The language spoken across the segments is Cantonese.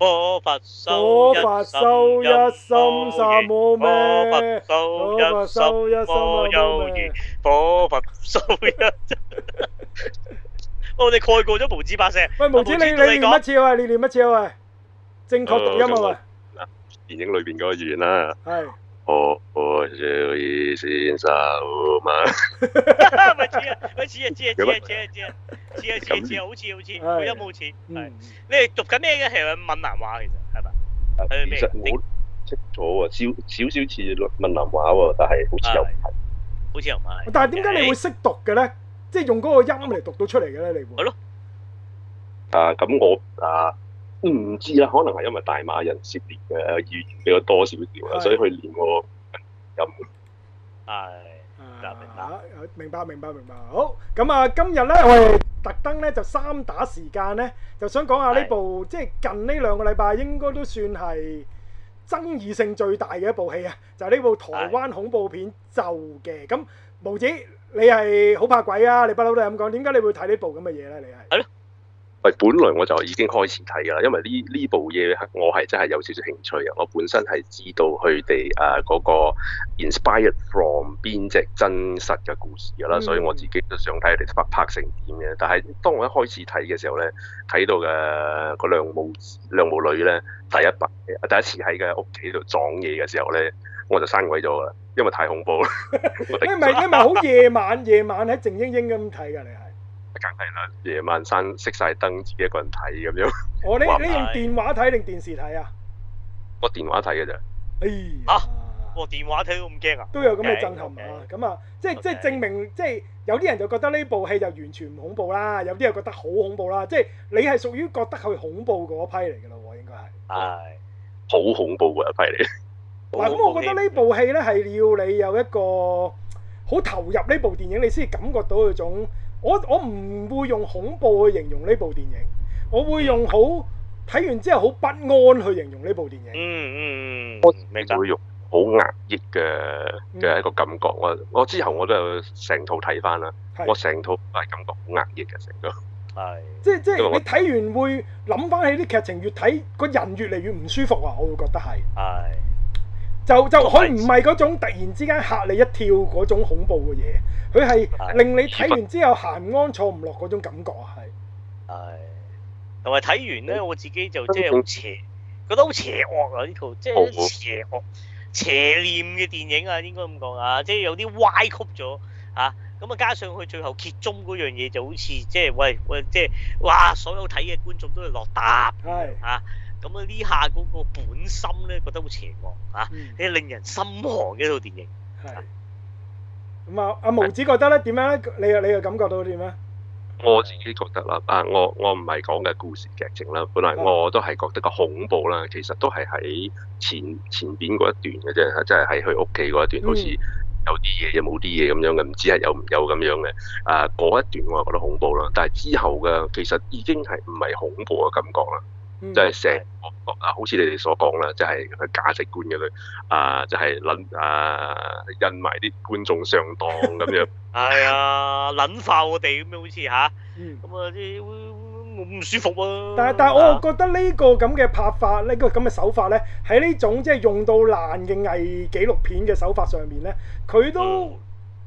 火佛修一修一心薩嘸哞？火佛修一修一心薩嘸哞？火佛修一，我哋蓋過咗毛子把聲。喂，毛子，你你念乜字啊？喂，你念乜字啊？喂，正確讀音啊？喂，電影裏邊嗰個語言啦。係。我少二千三萬，咪似啊咪似啊似啊似啊似啊似啊似啊似啊好似好似，個音好似係。你係讀緊咩嘅？係咪閩南話？其實係咪？其實我識咗少少少似閩南話但係好似又唔係，好似又唔係。但係點解你會識讀嘅咧？即係用個音嚟讀到出嚟嘅咧？你會係咯？啊，咁我啊。唔知啊，可能係因為大馬人涉獵嘅語言比較多少少，的啊，所以去練喎。咁係，啊，明白明白明白。好，咁啊，今日咧我哋特登咧就三打時間咧，就想講下呢部的即係近呢兩個禮拜應該都算係爭議性最大嘅一部戲啊，就係、是、呢部台灣恐怖片《咒》嘅的。咁毛子，你係好怕鬼啊？你不嬲都係咁講，點解你會睇呢部咁嘅嘢咧？你係係。喂，本來我就已經開始睇㗎啦，因為呢呢部嘢我係真係有少少興趣啊！我本身係知道佢哋誒嗰個 inspired from 邊隻真實嘅故事㗎啦，所以我自己都想睇佢哋拍拍成點嘅。但係當我一開始睇嘅時候咧，睇到嘅個兩母兩母女咧，第一集第一次喺嘅屋企度撞嘢嘅時候咧，我就閂鬼咗啦，因為太恐怖啦！ 你咪你咪好夜晚 夜晚喺靜英英咁睇㗎，你係？梗係啦，夜晚閂熄晒燈，自己一個人睇咁樣。哦、你我你你用電話睇定電視睇、哦哎、呀啊？我、哦、電話睇嘅咋？哎，吓，我電話睇都咁驚啊？都有咁嘅震撼 okay, okay. 啊！咁啊，即係 Okay. 即係證明，即係有啲人就覺得呢部戲就完全唔恐怖啦，有啲人覺得好恐怖啦。即係你係屬於覺得佢恐怖嗰批嚟嘅咯，應該係係好恐怖嘅一批嚟。嗱，咁我覺得部戲呢部戲咧係要你有一個好投入呢部電影，你先感覺到佢種。我我唔會用恐怖去形容呢部電影，我會用好，睇完之後好不安去形容呢部電影。嗯嗯嗯，嗯我會用好壓抑嘅嘅一個感覺。我、嗯、我之後我都有成套睇翻啦。是我成套係感覺好壓抑嘅。係是。即係即係你睇完會諗翻起啲劇情，越睇個人越嚟越唔舒服啊！我會覺得係。係。就就佢唔係嗰種突然之間嚇你一跳嗰種恐怖嘅嘢，佢係令你睇完之後閒安坐唔落嗰種感覺啊，係。同埋睇完咧，我自己就即係好邪，覺得好邪惡啊！呢套即係好邪惡、邪念嘅電影啊，應該咁講啊，即係有啲歪曲咗啊。咁啊，加上佢最後結終嗰樣嘢，就好似即係喂喂，即係哇！所有睇嘅觀眾都要落答係啊。咁啊！呢下嗰個本心咧，覺得好邪惡嚇，係令人心寒嘅一套電影。係是。咁啊，阿毛子覺得咧點樣咧？你又你又感覺到點咧？我自己覺得啦，啊，我我唔係講嘅故事劇情啦，本嚟我都係覺得個恐怖啦。其實都係喺前前邊嗰一段嘅啫，即係喺佢屋企嗰一段，嗯、好似有啲嘢又冇啲嘢咁樣嘅，唔知係有唔有咁樣嘅。啊，嗰一段我覺得恐怖啦，但係之後嘅其實已經係唔係恐怖嘅感覺啦。即係成個啊，好似你哋所講啦，就係、是、價值觀嘅類啊，就係、是、撚啊，引埋啲觀眾上當咁樣。係、 哎、啊，撚化我哋咁樣好似吓，咁啊啲唔唔舒服啊。但係，但係我覺得呢個咁嘅拍法，呢、這個咁嘅手法咧，喺呢種即係、就是、用到爛嘅偽紀錄片嘅手法上面咧，佢都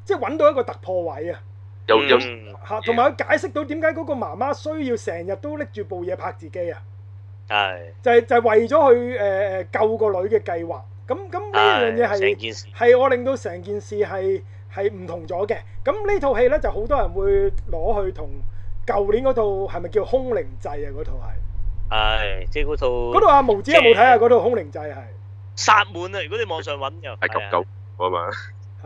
即係揾到一個突破位啊。嗯、有有嚇，同埋佢解釋到點解嗰個媽媽需要成日都拎住部嘢拍自己啊？係，就係就係為咗去誒誒救個女嘅計劃，咁咁呢樣嘢係係我令到成件事係係唔同咗嘅。咁呢套戲咧就好多人會攞去同舊年嗰套係咪叫《空靈祭》啊？嗰套係係即係嗰套，嗰套阿毛子有冇睇啊？嗰套《空靈祭》係殺滿啦！如果你網上揾又係夠夠好啊嘛。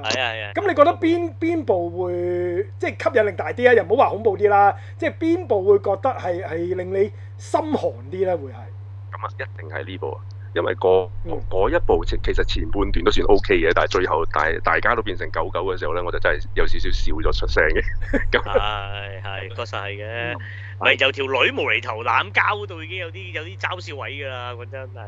係啊，係啊。咁你覺得邊邊部會即係吸引力大啲啊？又唔好話恐怖啲啦，即係邊部會覺得係係令你心寒啲咧？會係咁啊，一定係呢部啊，因為嗰、嗯、一部其實前半段都算 OK 嘅，但係最後大大家都變成狗狗嘅時候咧，我就真係有少少笑咗出聲嘅。咁係係，確實係嘅。咪由條女無厘頭攬交嗰度已經有啲有啲嘲笑位㗎啦，講真係。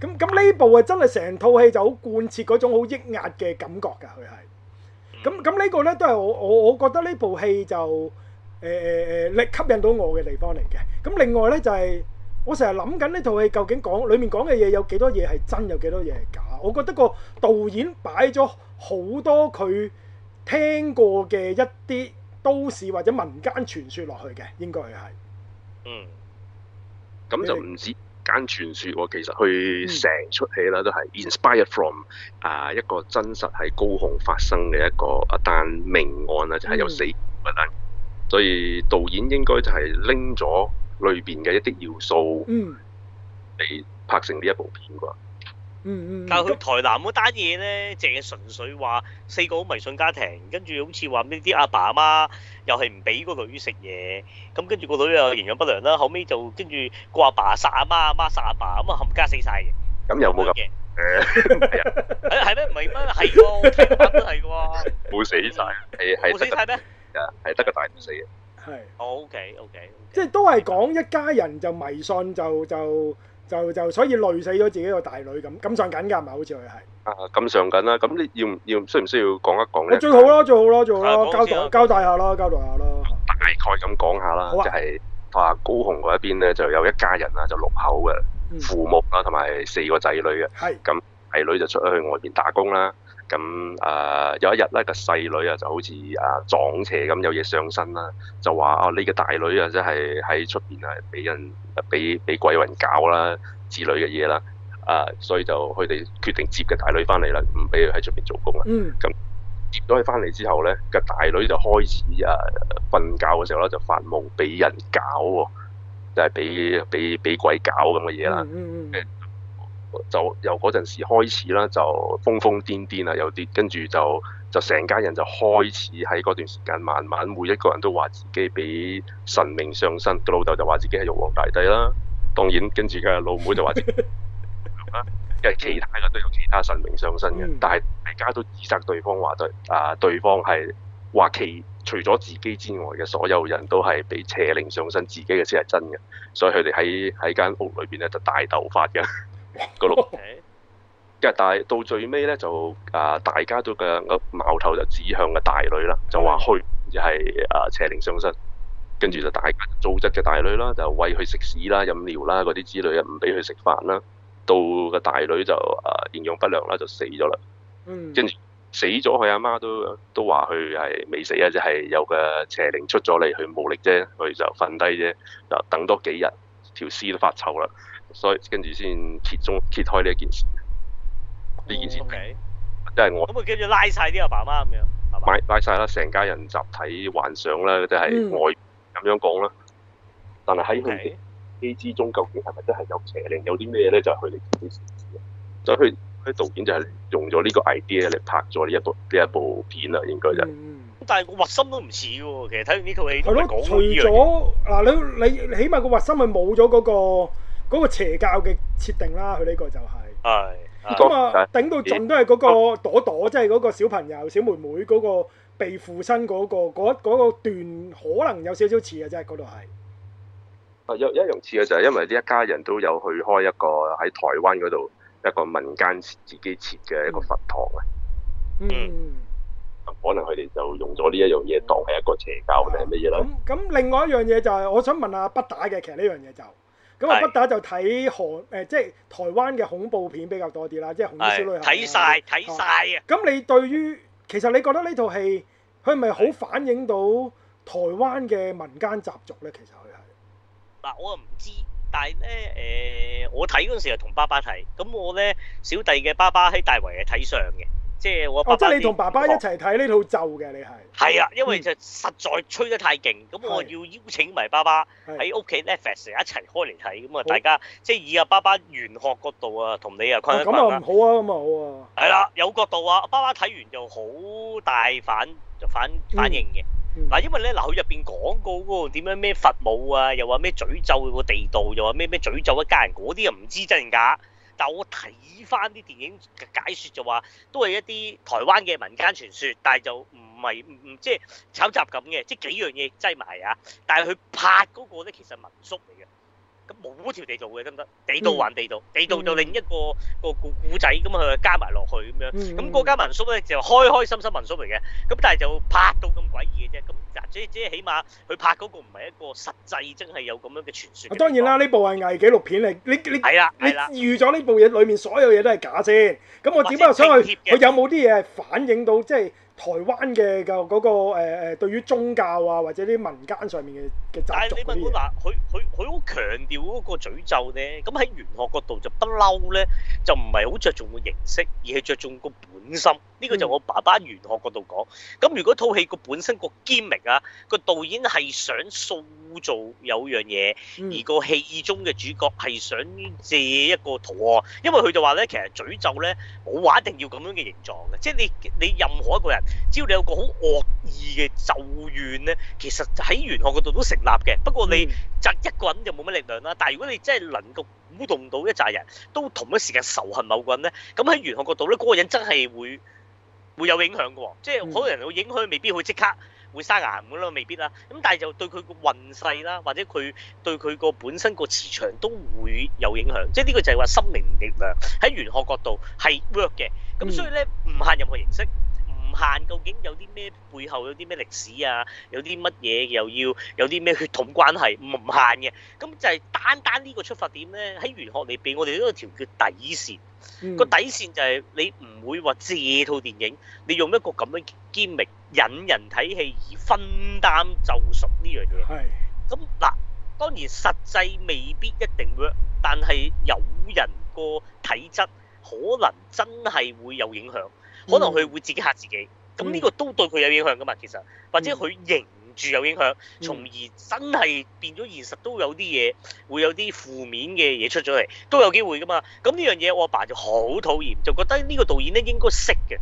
咁咁呢部啊真係成套戲就好貫徹嗰種好抑壓嘅感覺㗎，佢係。咁咁呢個咧都係我我我覺得呢部戲就誒誒誒力吸引到我嘅地方嚟嘅。咁另外咧就係我成日諗緊呢套戲究竟講裡面講嘅嘢有幾多嘢係真，有幾多嘢係假。我覺得個導演擺咗好多佢聽過嘅一啲都市或者民間傳說落去嘅，應該佢係。嗯。咁就唔知。間傳説我其實佢成出戲啦、呃，都係 inspired from 啊一個真實喺高雄發生嘅一個一單命案啊，嗯、就係有死嘅單，所以導演應該就係拎咗裏邊嘅一啲要素嚟、嗯、拍成呢一部片啩。嗯嗯，但係佢台南嗰單嘢咧，淨係純粹話四個好迷信家庭，跟住好似話呢啲阿爸阿媽又係唔俾個女食嘢，咁跟住個女又營養不良啦，後尾就跟住個阿爸殺阿媽，阿媽殺阿爸，爸，咁啊冚家死晒嘅。咁又冇咁誒係咩？唔係咩？係個平凡都係嘅喎。冇死曬，係係冇死係咩？啊，係得個大唔死嘅。係是、oh.，OK OK，即係都係講一家人就迷信就就。就就所以累死咗自己個大女咁咁上緊㗎，唔係好似佢係啊咁上緊啦。咁你要唔要需唔需要講一講咧、啊？最好咯、啊，最好咯、啊，最好咯、啊啊啊，交代交代下啦，交代下啦。大概咁講下啦，即係話高雄嗰一邊咧，就有一家人啊，就六口嘅父母啦，同埋、嗯、四個仔女嘅。係咁是，仔女就出去外邊打工啦。咁誒有一日咧，個細女啊就好似誒撞邪咁有嘢上身啦，就話：哦，你嘅大女啊，即係喺出邊啊，俾人俾俾鬼魂搞啦，子女嘅嘢啦，啊，所以就佢哋決定接個大女翻嚟啦，唔俾佢喺出邊做工啦。咁接咗佢翻嚟之後咧，個大女就開始誒瞓覺嘅時候咧就發夢，俾人搞喎，就係俾俾俾鬼搞咁嘅嘢啦。嗯，嗯。嗯就由嗰陣時開始啦，就瘋瘋癲癲啊，又跌，跟住就就成家人就開始喺嗰段時間，慢慢每一個人都話自己俾神明上身。個老豆就話自己係玉皇大帝啦，當然跟住佢老母就話自己， 其他嘅都有其他神明上身嘅，但係大家都指責對方話對啊，對方係話其除咗自己之外嘅所有人都係俾邪靈上身，自己嘅先係真嘅。所以佢哋喺喺間屋裏邊咧就大鬥法嘅。 個六，跟住 Okay. 但係到最尾咧就，啊、呃，大家都嘅矛頭就指向個大女啦，就話佢就係、是、啊、呃、邪靈上身，跟住就大家就糟質嘅大女啦，就喂佢食屎啦、飲尿啦嗰啲之類啊，唔俾佢食飯啦，到個大女就啊營養不良啦，就死咗啦，mm. 跟住死咗佢阿媽都都話佢係未死啊，就係、是、有個邪靈出咗嚟，佢冇力啫，佢就瞓低啫，就等多幾日，條屍都發臭啦。所以跟住先揭中揭開呢一件事，呢件事即係我咁啊，跟住拉晒啲阿爸媽咁樣，係拉晒啦，成家人集體幻想啦，即係我咁樣講啦。但係喺佢戲之中，究竟係咪真係有邪靈？有啲咩咧？就係佢哋自己，就佢佢導演就係用咗呢個 idea 嚟拍咗呢一部呢一部片啦，應該就。但係個核心都唔似喎，其實睇完呢套戲都講一除咗嗱，你你起碼個核心係冇咗嗰個。嗰個邪教嘅設定啦，佢呢個就係。係。咁啊，頂到盡都係嗰個朵朵，即係嗰個小朋友、小妹妹嗰個被附身嗰個，嗰段可能有少少似嘅啫，嗰度係。啊，有一樣似嘅就係因為呢一家人都有去開一個喺台灣嗰度一個民間自己設嘅一個佛堂啊。嗯。可能佢哋就用咗呢一樣嘢當係一個邪教定係乜嘢？咁咁，另外一樣嘢就係我想問阿不打嘅，其實呢樣嘢就。咁啊、嗯、是不打就睇韓誒，即係台灣嘅恐怖片比較多啲啦，即係《紅衣小女孩》睇晒，睇晒。啊！咁你對於其實你覺得呢套戲佢係咪好反映到台灣嘅民間習俗咧？其實佢係嗱，我又唔知，但係咧誒，我睇嗰陣時係同爸爸睇，咁我咧小弟嘅爸爸喺大圍係睇相嘅。即係我爸，爸。哦，即係你同爸爸一齊睇呢套咒嘅？你係。係啊，因為就實在吹得太勁，咁、嗯、我要邀請埋爸爸喺屋企 Netflix 一齊開嚟睇，咁啊是大家好即係以阿爸爸玄學角度啊，同你啊講一講啦。咁啊，好啊，咁啊好啊。係啦、啊，有角度啊！爸爸睇完就好大反就反、嗯、反應嘅。嗱、嗯，因為咧嗱，佢入邊講告嗰個點樣咩佛母啊，又話咩詛咒個地道，又話咩咩詛咒一家人嗰啲又唔知真定假。就我睇翻啲電影解説就話，都係一啲台灣嘅民間傳說，但係就唔係唔即係抄襲咁嘅，即係幾樣嘢擠埋啊！但係佢拍嗰個咧，其實民宿嚟嘅。咁冇條地道嘅得唔得？地道還地道，地道就另一個個故故仔咁啊，佢加埋落去咁樣。咁嗰間民宿咧就開開心心民宿嚟嘅。咁但係就拍到咁鬼嘢啫。咁嗱，即即係起碼佢拍嗰個唔係一個實際真係有咁樣嘅傳説。當然啦，呢部係偽紀錄片嚟。你你預咗呢部嘢裏面所有嘢都係假先。咁我點解又想去？佢有冇啲嘢係反映到即係台灣嘅嘅嗰個誒誒對於宗教啊或者啲民間上面嘅？但係你問我話佢佢佢好強調嗰個詛咒咧，咁喺玄學角度就不嬲咧，就唔係好着重個形式，而係着重個本心。呢、這個就我爸爸玄學角度講。咁如果套戲個本身個編劇啊，個導演係想塑造有樣嘢，而個戲中嘅主角係想借一個圖案，因為佢就話咧，其實詛咒咧冇話一定要咁樣嘅形狀嘅，即、就、係、是、你你任何一個人，只要你有個好惡意嘅咒怨咧，其實喺玄學嗰度都成。立嘅，不過你集一個人就冇乜力量啦。但係如果你真係能夠鼓動到一紮人，都同一時間仇恨某個人咧，咁喺玄學角度咧，嗰個人真係會會有影響嘅喎。即係可能會影響，未必會即刻會生癌咁咯，未必啦。咁但係就對佢個運勢啦，或者佢對佢個本身個磁場都會有影響。即係呢個就係話心靈力量喺玄學角度係 work 嘅。咁所以咧，唔限任何形式。唔限，究竟有啲咩，背後有啲咩歷史啊？有啲乜嘢又要有啲咩血統關係唔限嘅？咁就係單單呢個出發點呢，喺玄學裏邊，我哋都有條叫底線。個、嗯、底線就係你唔會話借套電影，你用一個咁樣堅明引人睇戲而分擔就熟呢樣嘢。係是。咁嗱，當然實際未必一定 work，但係有人個體質可能真係會有影響。可能佢會自己嚇自己，咁呢、嗯、個都對佢有影響噶嘛，其實，或者佢認住有影響，嗯、從而真係變咗現實，都會有啲嘢，會有啲負面嘅嘢出咗嚟，都有機會噶嘛。咁呢樣嘢我阿爸，爸就好討厭，就覺得呢個導演咧應該識嘅，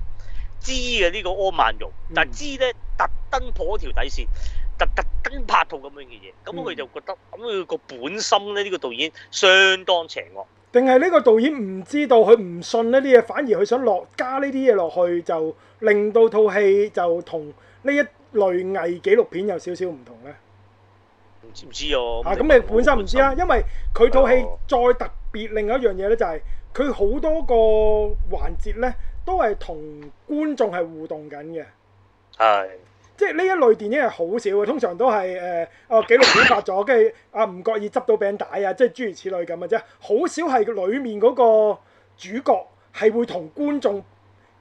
知嘅呢個柯孟融，但係知咧特登破一條底線，特特登拍套咁樣嘅嘢，咁佢就覺得，咁佢個本心咧呢、呢個導演相當邪惡。定係呢個導演唔知道佢唔信呢啲嘢，反而佢想落加呢啲嘢落去，就令到套戲就同呢一類偽紀錄片有少少唔同呢？唔知唔知哦。咁、嗯啊、你本身唔知啦，嗯、因為佢套戲再特別，嗯、另外一樣嘢呢，就係佢好多個環節呢都係同觀眾係互動緊嘅。係、哎。即係呢一類電影係好少嘅，通常都係誒哦紀錄片拍咗，跟住唔覺意執到餅帶啊，即係諸如此類咁嘅啫。好少係裡面嗰個主角係會同觀眾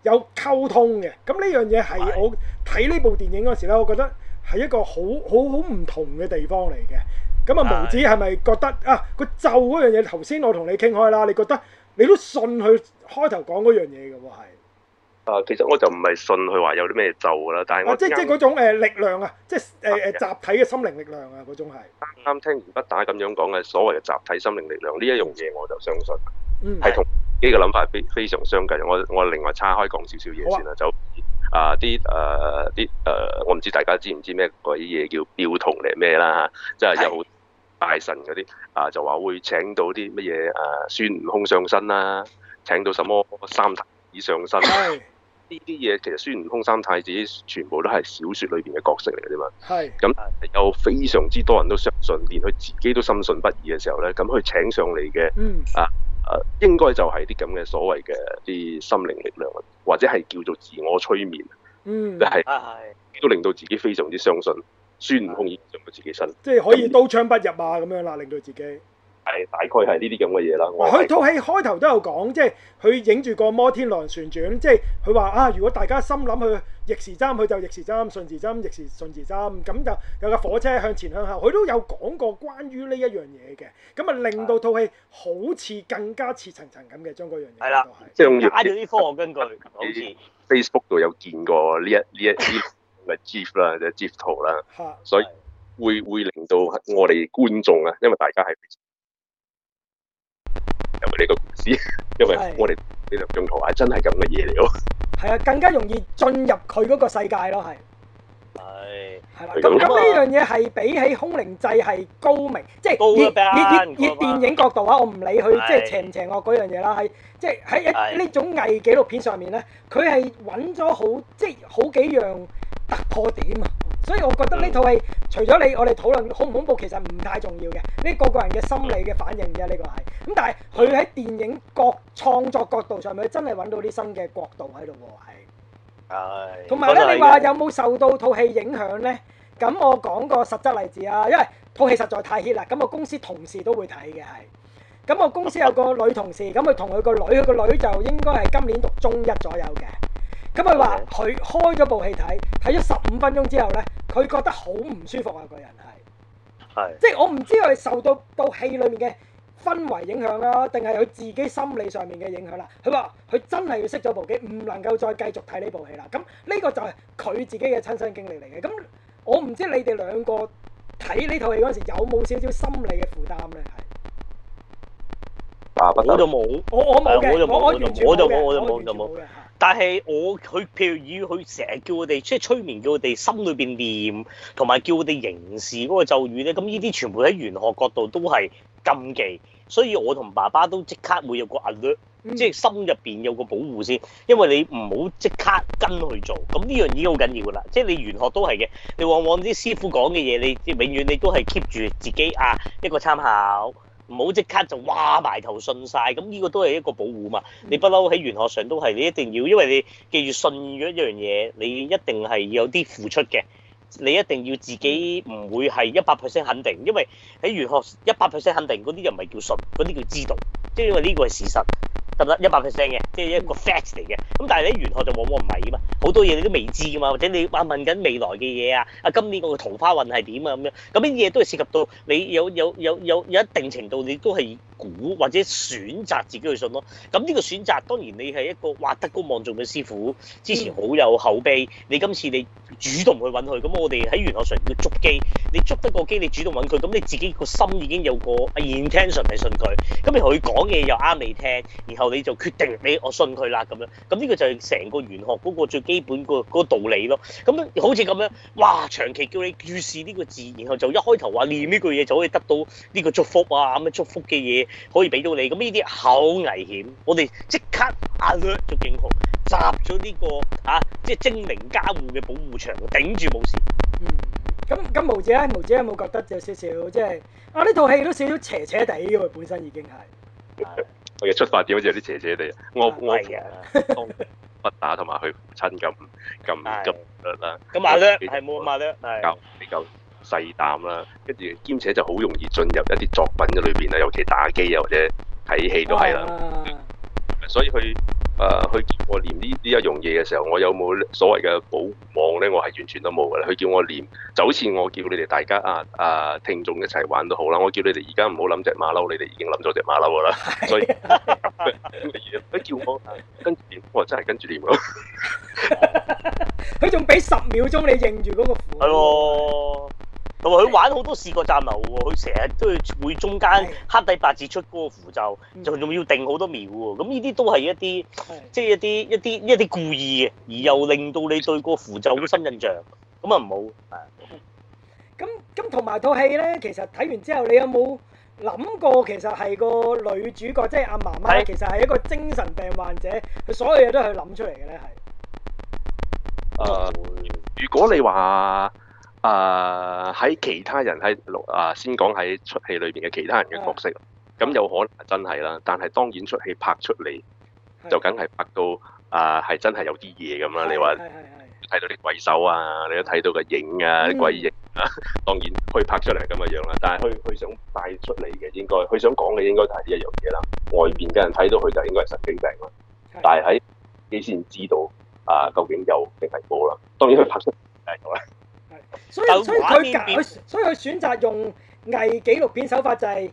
有溝通嘅。咁呢樣嘢係我睇呢部電影嗰時咧，我覺得係一個好好好唔同嘅地方嚟嘅。咁、嗯、啊，毛子係咪覺得啊，佢咒嗰樣嘢頭先我同你傾開啦，你覺得你都信佢開頭講嗰樣嘢嘅喎係？啊，其實我就唔係信佢話有啲咩咒啦，但係我、哦、即係即係嗰種誒、呃、力量啊，即係誒誒集體嘅心靈力量啊，嗰種係。啱、嗯、聽完不打咁樣講嘅所謂嘅集體心靈力量呢一樣嘢，嗯、我就相信，係同呢個諗法非非常相近。我我另外叉開講少少嘢先啦，啊就啊啲誒啲誒，我唔、啊啊啊、知大家知唔知咩嗰啲嘢叫標童嚟咩啦吓，即係有大神嗰啲啊，就話、是啊、會請到啲乜嘢誒孫悟空上身啦、啊，請到什麼三太子上身。 呢啲嘢其實孫悟空三太子全部都係小説裏邊嘅角色嚟嘅啫嘛。係是，咁有非常之多人都相信，連佢自己都深信不疑嘅時候咧，咁佢請上嚟嘅，嗯，啊，啊，應該就係啲咁嘅所謂嘅啲心靈力量，或者係叫做自我催眠，嗯，係是，啊、都令到自己非常之相信孫悟空已經上到自己身，即係、就是、可以刀槍不入啊咁樣啦，令到自己。係大概係呢啲咁嘅嘢啦。佢套戲開頭都有講，即係佢影住個摩天輪旋轉，即係佢話啊，如果大家心諗佢逆時針，佢就逆時針；順時針，逆時順時針，咁就有架火車向前向後。佢都有講過關於呢一樣嘢嘅，咁啊令到套戲好似更加似層層咁嘅，將嗰樣嘢係啦，即、就是、要用住呢啲科學根據。好似 Facebook 度有見過呢一呢 一啲嘅 gif 啦，即係 gif 圖啦，吓， 所以會會令到我哋觀眾啊，因為大家係。你個故事， 因為我哋呢度用圖係真係咁嘅嘢嚟咯。係啊，更加容易進入佢嗰個世界咯。係係，係啦的。咁咁呢樣嘢係比起《空靈祭》係高明，即係以、以電影角度啊！我唔理佢即係邪唔邪惡嗰樣嘢啦，喺即係喺呢種偽紀錄片上面咧，佢係揾咗好即係好幾樣突破點。所以我覺得呢套戲除咗你我哋討論恐唔恐怖，其實唔太重要嘅，呢個個人嘅心理嘅反應嘅，呢、這個係咁。但係佢喺電影各創作角度上面，真係揾到啲新嘅角度喺度喎，係、哎。同埋咧，你話有冇受到套戲影響呢？咁我講個實質例子啊，因為套戲實在太 hit 啦，咁我公司同事都會睇嘅係。咁我公司有個女同事，咁佢同佢個女，佢個女就應該係今年讀中一左右嘅。咁佢話佢開咗部戲睇，睇咗十五分鐘之後呢，佢覺得好唔舒服啊！個人係係的即係我唔知佢受到部戲裡面嘅氛圍影響啦、啊，定係佢自己心理上面嘅影響啦、啊。佢話佢真係要熄咗部機，唔能夠再繼續睇呢部戲啦。咁呢個就係佢自己嘅親身經歷嚟嘅。咁我唔知你哋兩個睇呢套戲嗰陣時有冇少少心理嘅負擔呢？係。啊！我就冇，我我就冇，我，我就冇，我，我就冇，就冇。但係我佢譬如以佢成日叫我哋即係催眠，叫我哋心裏邊念，同埋叫我哋凝視嗰個咒語咧，咁呢啲全部喺玄學角度都係禁忌。所以我同爸爸都即刻會有個 alert、嗯，即係心入邊有個保護先。因為你唔好即刻跟去做，咁呢樣已經好緊要噶啦。即係你玄學都係嘅，你往往啲師傅講嘅嘢，你即係永遠你都係 keep 住自己啊一個參考。唔好即刻就哇埋頭信晒，咁呢個都係一個保護嘛。你不嬲喺玄學上都係，你一定要，因為你記住信咗一樣嘢，你一定係有啲付出嘅。你一定要自己唔會係一百 percent 肯定，因為喺玄學一百 percent 肯定嗰啲就唔係叫信，嗰啲叫知道，即係因為呢個係事實。得唔得？一百 percent 嘅，即係一個 facts 嚟嘅。咁但係喺玄學就往往唔係嘅嘛，好多嘢你都未知嘅嘛，或者你問問緊未來嘅嘢啊，啊今年個桃花運係點啊咁樣。咁呢啲嘢都係涉及到你有有有有有一定程度，你都係估或者選擇自己去信咯。咁呢個選擇當然你係一個話德高望重嘅師傅，之前好有口碑。你今次你主動去揾佢，咁我哋喺玄學上要捉機。你捉得個機，你主動揾佢，咁你自己個心已經有個 intention 係信佢。咁而佢講嘢又啱你聽，然後，你就決定畀我信佢啦咁樣，咁呢個就係成個玄學嗰個最基本個嗰個道理咯。咁好似咁樣，哇長期叫你注視呢個字，然後就一開頭話念呢句嘢就可以得到呢個祝福啊咁樣，祝福嘅嘢可以俾到你。咁呢啲好危險，我哋即刻啊略做警號，集咗呢個啊，即係精靈加護嘅保護牆，頂住冇事。嗯，咁咁毛姐，毛姐有冇覺得有少少即係啊呢套戲都少少邪邪地，因為本身已經係。啊 佢嘅出發點好似有啲邪邪哋，我我不打同埋佢父親咁咁咁得啦。咁麻雀係冇麻雀，係夠比較細膽啦。跟住兼且就好容易進入一啲作品嘅裏邊啊，尤其打機呀或者睇戲都係啦。所以佢。誒，佢、uh, 叫我念呢呢一樣嘢嘅時候，我有冇所謂嘅保護網咧？我係完全都冇噶啦。佢叫我念，就好似我叫你哋大家啊啊聽眾一齊玩都好啦。我叫你哋而家唔好諗隻馬騮，你哋已經諗咗隻馬騮啦。所以，佢 叫我跟住念，我真係跟住念咯。佢仲俾十秒鐘你認住嗰個符。係喎。同埋佢玩好多視覺暫留喎，佢成日都要會中間黑底白字出嗰個符咒，仲仲、嗯、要定好多秒喎。咁呢啲都係一啲即係一啲一啲一啲故意嘅，而又令到你對個符咒好新印象。咁啊冇啊。咁咁同埋套戲咧，其實睇完之後，你有冇諗過其實係個女主角即係阿媽媽，的其實係一個精神病患者，佢所有嘢都係諗出嚟嘅咧？係。誒、呃，如果你話，誒喺、uh, 其他人喺六誒先講喺出戲裏邊嘅其他人嘅角色，咁、哎、有可能真係啦。但係當然出戲拍出嚟是就梗係拍到誒係、uh, 真係有啲嘢咁啦。你話睇到啲鬼手啊，你都睇到個影啊，啲鬼影啊，是當然佢拍出嚟咁嘅樣啦。但係佢佢想帶出嚟嘅應該，佢想講嘅應該係一樣嘢啦。外邊嘅人睇到佢就應該係神經病啦。但係喺你先知道啊，究竟有定係冇啦。當然佢拍出誒咁啦。 所以，所以佢揀，所以佢選擇用偽紀錄片手法，就是，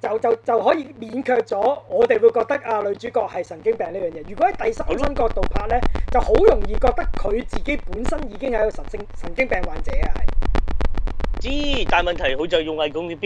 就係就就就可以勉強咗我哋會覺得啊女主角係神經病呢樣嘢。如果喺第三角度拍呢，好的就好容易覺得佢自己本身已經係一個神經神經病患者啊。知，但問題佢就用偽紀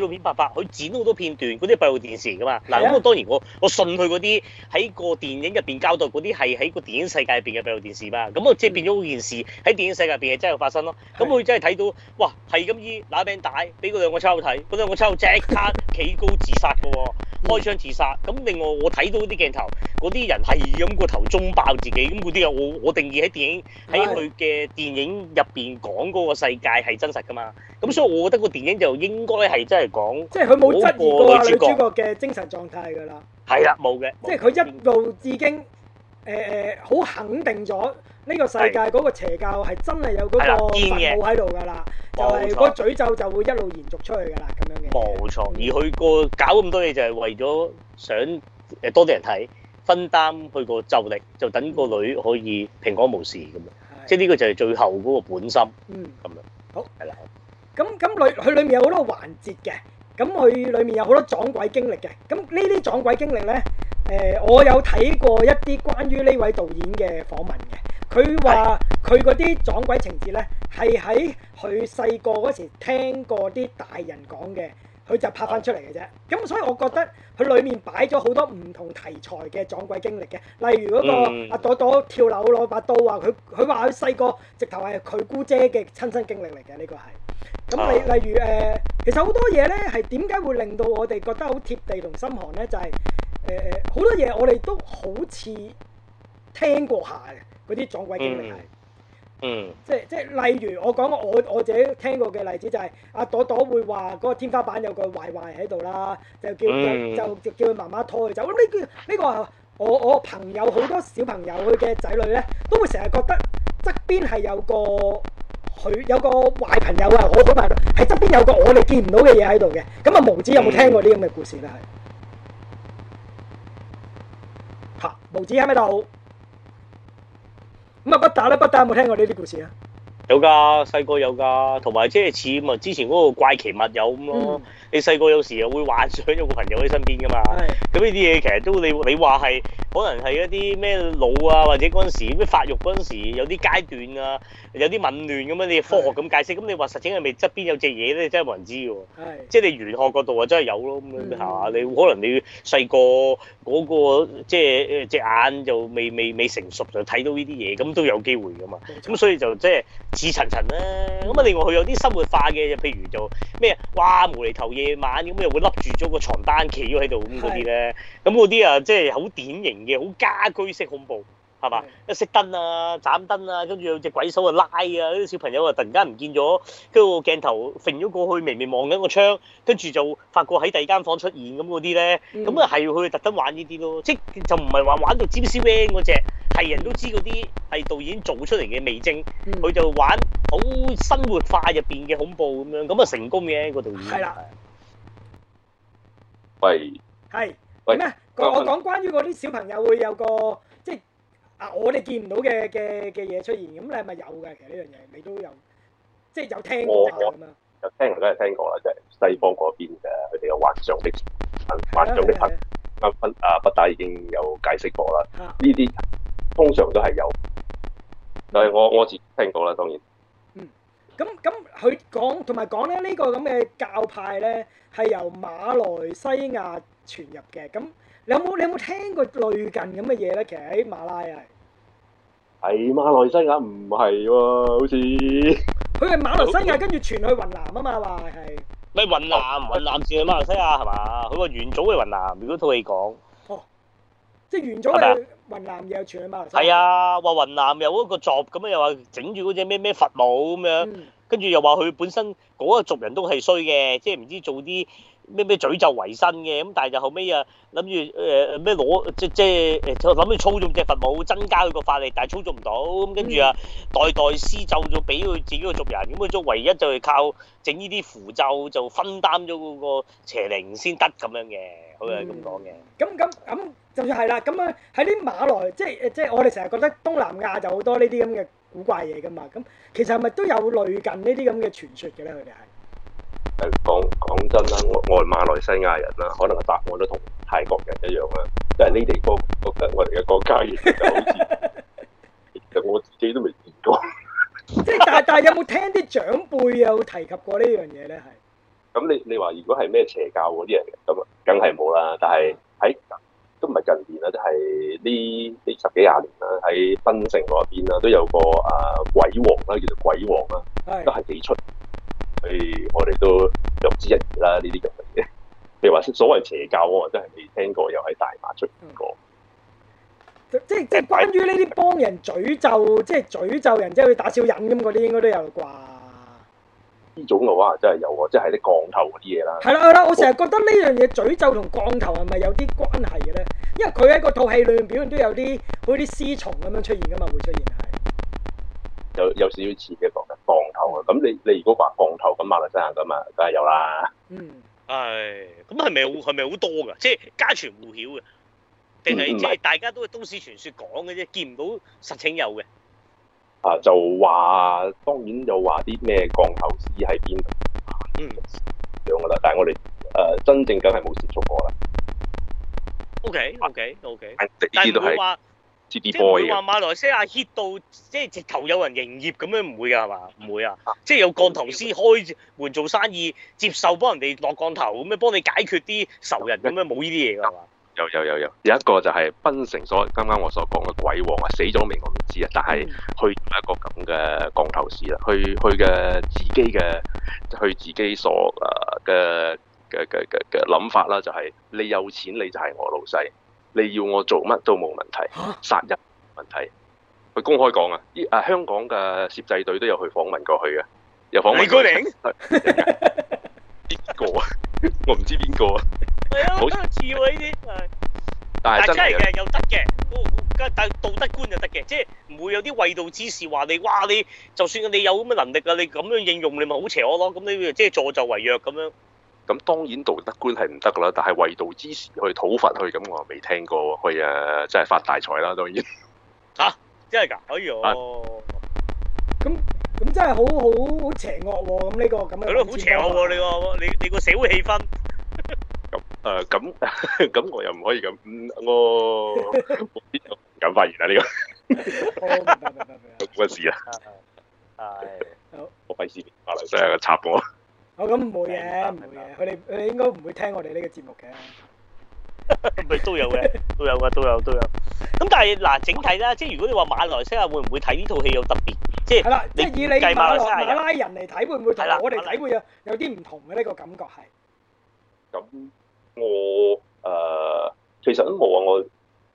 錄片拍法，佢剪好多片段，嗰啲閉路電視噶嘛。嗱的，咁我當然我我信佢嗰啲喺個電影入邊交代嗰啲係喺個電影世界入邊嘅閉路電視嘛。咁我即係變咗件事喺電影世界入邊係真係發生咯。咁佢的真係睇到，哇，係咁依拿 Band 帶俾嗰兩個秋睇，嗰兩個秋即刻企高自殺嘅喎，開槍自殺。咁另外我睇到啲鏡頭，嗰啲人係咁個頭撞爆自己，咁嗰啲嘢我我定義喺電影喺佢嘅電影入邊講嗰個世界係真實嘅。嘛，咁所以我覺得個電影就應該係真係講，即係佢冇質疑過女主角嘅精神狀態噶啦。係啦，冇嘅。即係佢一路已經誒誒，好肯定咗呢個世界嗰個邪教係真係有嗰個神武喺度噶啦，就係個詛咒就會一路延續出去噶啦，咁樣嘅。冇錯，而佢個搞咁多嘢就係為咗想誒多啲人睇，分擔佢個咒力，就等個女可以平安無事咁樣。即係呢個就係最後嗰個本心，嗯，咁樣。好，咁咁裏佢裏面有好多環節嘅，咁佢裏面有好多撞鬼經歷嘅，咁呢啲撞鬼經歷呢，誒、呃，我有睇過一啲關於呢位導演嘅訪問嘅，佢話佢嗰啲撞鬼情節呢，係喺佢細個嗰時聽過啲大人講嘅。佢就拍翻出嚟嘅啫，咁所以我覺得佢裏面擺咗好多唔同題材嘅撞鬼經歷嘅，例如嗰個阿朵朵跳樓攞把刀啊，佢佢話佢細個直頭係佢姑姐嘅親身經歷嚟嘅呢個係。咁你例如誒、呃，其實好多嘢咧係點解會令到我哋覺得好貼地同心寒咧？就係誒好多嘢我哋都好似聽過下嘅嗰啲撞鬼經歷係。嗯即係即係，例如我講我我自己聽過嘅例子就係、是、阿、啊、朵朵會話嗰個天花板有個壞壞喺度啦，就叫、嗯、就，就叫佢媽媽拖佢走。咁、這、呢個呢、這個我我朋友好多小朋友佢嘅仔女咧，都會成日覺得側邊係有個佢有個壞朋友啊，我好可怕喺側邊有個我哋見唔到嘅嘢喺度嘅。咁啊，毛子有冇聽過呢咁嘅故事咧？吓、嗯，毛子喺咪度？乜不打啦，不打，冇聽過呢啲故事啊！有噶，細個有噶，同埋即係似啊！之前嗰個怪奇物語咁咯。嗯、你細個有時又會幻想有個朋友喺身邊噶嘛。咁呢啲嘢其實都你你話係可能係一啲咩腦啊，或者嗰陣時咩發育嗰陣時有啲階段啊，有啲紊亂咁、啊、樣，你科學咁解釋。咁是你話實情係咪側邊有隻嘢咧？你真係冇人知喎。即係是你玄學角度啊，真係有咯咁樣，係你、嗯、可能你細、那個嗰個即係隻眼就未未未成熟，就睇到呢啲嘢，咁都有機會噶嘛。咁所以就即、就、係、是。似層層啦，咁啊另外佢有啲生活化嘅，譬如就咩啊，哇無厘頭夜晚咁又會笠住咗個床單企喺度咁嗰啲咧，咁嗰啲啊即係好典型嘅好家居式恐怖。係嘛？一熄燈啊，斬燈啊，跟住有隻鬼手啊拉啊，啲小朋友啊突然間唔見咗，跟住個鏡頭揈咗過去，微微望緊個窗，跟住就發覺喺第二間房出現咁嗰啲咧。咁啊係佢特登玩呢啲咯，即就唔係話玩到 James Wan 嗰隻，係、hmm. 人都知嗰啲係導演做出嚟嘅味精。佢就玩好生活化入邊嘅恐怖咁樣，咁啊成功嘅個導演。係啦的。喂。係。咩？喂我講關於嗰啲小朋友會有個。嗱，我哋見唔到嘅嘅嘅嘢出現，咁你係咪有嘅？其實呢樣嘢你都有，即係有聽過咁樣。有聽，我都係聽過啦，即係西方嗰邊嘅佢哋嘅幻象的幻象的品，阿阿北大已經有解釋過啦。呢啲通常都係有，但係我我自己聽過啦，當然。嗯，咁咁佢講同埋講咧，呢個咁嘅教派咧係由馬來西亞傳入嘅。咁你有冇你有冇聽過類近咁嘅嘢咧？其實喺馬來啊～係、哎、馬來西亞唔係喎，好似佢係馬來西亞 跟住傳去雲南啊嘛，話係。咩雲南？雲南先去馬來西亞係嘛？佢個元祖係雲南，如果套戲講。哦，即係元祖係雲南，吧又傳去馬來西亞。係啊，話雲南又一個族咁啊，又話整住嗰隻咩咩佛母咁樣，嗯、跟住又話佢本身嗰、嗰個族人都係衰嘅，即係唔知做啲。咩咩詛咒為生嘅，咁但係就後尾啊諗住誒誒咩攞即即誒諗住操縱隻佛母增加佢個法力，但係操縱唔到，咁跟住啊代代施咒咗俾佢自己個族人，咁佢做唯一就係靠整呢啲符咒就分擔咗嗰個邪靈先得咁樣嘅，好似係咁講嘅。咁咁咁就算係啦，咁啊喺啲馬來即誒即我哋成日覺得東南亞就好多呢啲咁嘅古怪嘢噶嘛，咁其實係咪都有類近呢啲咁嘅傳説嘅咧？佢哋誒，講講真啦，我我係馬來西亞人啦，可能個答案都同泰國人一樣啦，即係呢地方我我哋嘅國家其實 我自己都未見過。即係大大有冇聽啲長輩有提及過呢樣嘢咧？係咁 你你話如果係咩邪教嗰啲人咁啊，梗係冇啦。但係喺、哎、都唔係近年啦，就係呢呢十幾廿年啦，喺檳城嗰一邊啦，都有個誒、啊、鬼王啦，叫做鬼王啦，都係幾出。誒、哎，我哋都略知一二啦，呢啲咁嘅嘢。譬如話，所謂邪教，我真係未聽過，又喺大馬出現過。嗯、即係即係關於呢啲幫人詛咒，即係詛咒人，即係去打小人咁嗰啲，應該都有啩？呢種嘅話，真係有，即係啲降頭嗰啲嘢啦。係啦，係啦，我成日覺得呢樣嘢詛咒同降頭係咪有啲關係咧？因為佢喺個套戲裏面表現都有啲好似啲屍蟲咁樣出現噶嘛，會出現係。有有少少似嘅講嘅降頭。咁你你如果話降頭咁，馬來西亞咁啊，梗係有啦。嗯，係、哎，咁係咪係咪好多噶？即係家傳戶曉嘅，定係、嗯、即係大家都都市傳說講嘅啫，見唔到實情有嘅。啊，就話當然又話啲咩降頭師喺邊度，嗯，樣噶啦。但係我哋誒真正梗係冇接觸過啦。O K O K O K，但係都但會即係唔會話馬來西亞 hit 到，即係直頭有人營業咁樣唔會噶係嘛？唔會啊！即係有降頭師開門做生意，接受幫人哋落降頭咁樣，幫你解決啲仇人咁樣，冇呢啲嘢㗎嘛？有有有有，有一個就係檳城所啱啱我所講嘅鬼王啊，死咗未我唔知啊，但係去一個咁嘅降頭師啦，去佢嘅自己嘅，去自己所誒嘅嘅嘅嘅諗法啦，就是，就係你有錢你就係我老細。你要我做乜都冇問題，殺人問題，佢公開講啊！啊香港嘅攝製隊都有去訪問過去嘅，有訪問。李居明？邊個 誰 啊？我唔知邊個啊。係啊些，好似呢啲。但係真係嘅，又得嘅，但係道德觀又得嘅，即係唔會有啲衛道之士，話你哇你就算你有咁嘅能力啊，你咁樣應用你咪好邪惡咯？咁你即係助紂為虐咁樣。咁當然道德觀係唔得㗎啦，但係衛道之士去討伐佢，咁我未聽過去誒，真係發大財啦，當然吓？真係㗎，可以咁咁真係好好邪惡喎，咁呢個咁樣，好邪惡喎呢個，你你個社會氣氛，咁誒咁咁我又唔可以咁，我冇邊個敢發言啊呢個，冇乜事啊，係，好，我費事，馬來西亞嘅插播。我咁唔會嘅，唔會嘅。佢哋佢哋應該唔會聽我哋呢個節目嘅。唔係都有嘅，都有嘅，都有都有。咁但係嗱，整體啦？即係如果你話馬來西亞會唔會睇呢套戲有特別？即係係啦，即係以你馬來馬拉人嚟睇會唔會睇啦？我哋睇會有有啲唔同嘅呢個感覺係。咁我誒其實都冇啊。我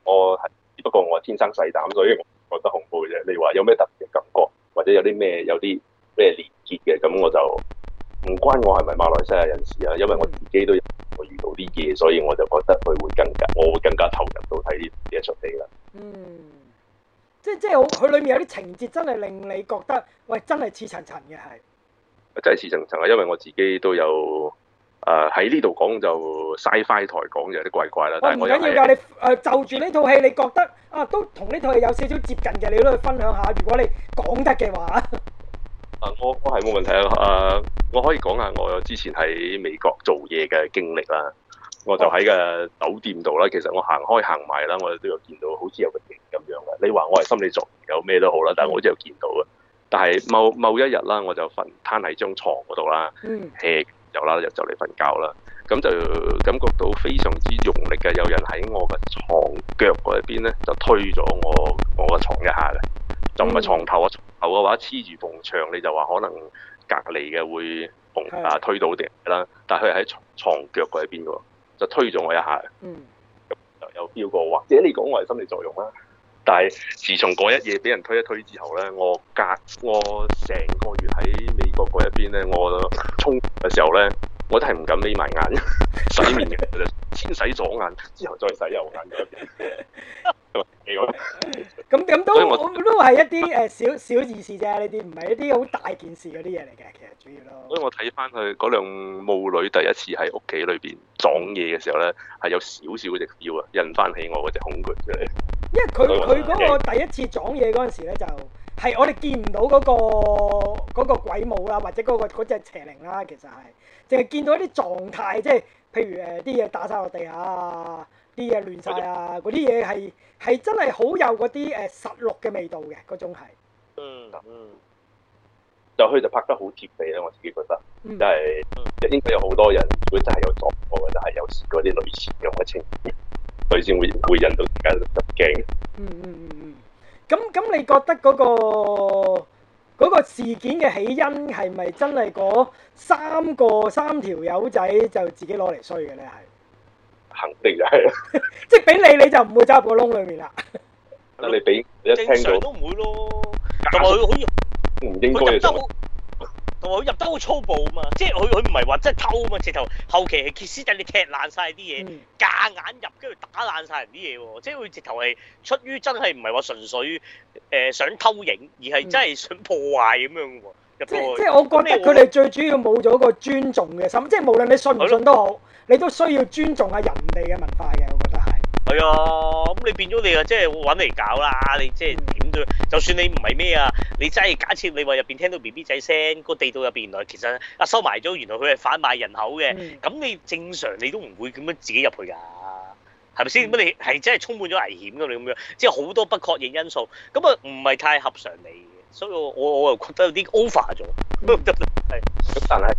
我係只不過我係天生細膽，所以我覺得恐怖嘅啫。你話有咩特別嘅感覺，或者有啲咩有啲咩連結嘅咁，我就。唔關我係咪馬來西亞人士啊，因為我自己都我遇到啲嘢，所以我就覺得佢會更加，我會更加投入到睇呢呢一出戲啦。嗯，即係即係好，佢裏面有啲情節真係令你覺得，喂，真係似層層嘅係。真係似層層啊，因為我自己都有誒喺呢度講就 SciFi 台講就有啲怪怪啦。唔緊要啊，你誒、呃、就住呢套戲，你覺得啊都同呢套戲有少少接近嘅，你都去分享下。如果你講得嘅話。啊，我我係冇問題啊！誒，我可以講下我之前喺美國做嘢嘅經歷啦。我就喺個酒店度啦，其實我行開行埋啦，我都有見到，好似有個影咁樣嘅。你話我係心理作用，有咩都好啦，但係我好似有見到啊。但係某某一日啦，我就瞓攤喺張床嗰度啦，嗯，有啦，就嚟瞓覺啦。咁就感覺到非常之用力嘅，有人喺我嘅床腳嗰一邊咧，就推咗我我嘅床一下嘅。就唔係牀頭啊！床頭嘅話黐住縫牆，你就話可能隔離嘅會縫啊推到啲啦。是的 但係佢係喺床腳嗰一邊嘅喎，就推咗我一下。嗯，咁有標個話，或者你講我係心理作用啦，啊。但係自從嗰一夜俾人推一推之後咧，我隔我成個月喺美國嗰一邊咧，我沖嘅時候咧，我都係唔敢眯埋眼洗面嘅。 先洗左眼，之後再洗右眼。咁 咁 都都係一啲誒、呃、小小儀式啫，呢啲唔係一啲好大件事嗰啲嘢嚟嘅，其實主要咯。所以我睇翻佢嗰兩母女第一次喺屋企裏邊撞嘢嘅時候咧，係有少少嗰隻妖啊，引翻起我嗰隻恐懼出嚟。因為佢佢嗰個第一次撞嘢嗰陣時咧，就係我哋見唔到嗰、嗰個、嗰個鬼母啦，或者嗰、嗰個隻、嗰個嗰個、邪靈啦，其實係淨係見到一啲狀態，即係。譬如誒啲嘢打晒落地下啊，啲嘢亂晒啊，嗰啲嘢係係真係好有嗰啲誒實錄嘅味道嘅嗰種係。嗯嗯，就去就拍得好貼地咧，我自己覺得，但係應該有好多人如果真係有作過嘅，就係有試過啲類似咁嘅情況，佢先會會引到而家得驚、嗯。嗯嗯嗯嗯，咁咁你覺得嗰、嗰個？嗰個事件嘅起因係咪真係嗰三個三條友仔就自己攞嚟衰嘅咧？係肯定就係， 即係俾你你就唔會走入個窿裏面啦。 咁你俾你一聽到正常都唔會咯，同埋好似唔應該嘅進。佢、哦、入得好粗暴嘛，即係佢佢唔係話即係偷啊嘛，直頭後期係傑斯仔，你踢爛晒啲嘢，夾硬入跟住打爛晒人啲嘢喎，即係佢直頭係出於真係唔係話純粹誒、呃、想偷影，而係真係想破壞咁樣喎。嗯、入即即係我覺得，佢哋最主要冇咗個尊重嘅心，嗯、即係無論你信唔信都好，嗯、你都需要尊重下人哋嘅文化嘅。係啊，咁、哎、你變咗你啊，即係揾嚟搞啦！你即係點都，就算你唔係咩啊，你真係假設你話入邊聽到 B B 仔聲，個地道入邊原來其實啊收埋咗，原來佢係販賣人口嘅，咁、嗯、你正常你都唔會咁樣自己入去㗎，係咪先？咁、嗯、你係真係充滿咗危險㗎，你咁樣即係好多不確認因素，咁啊唔係太合常理嘅，所以我我又覺得有啲 over 咗。咁 咁但係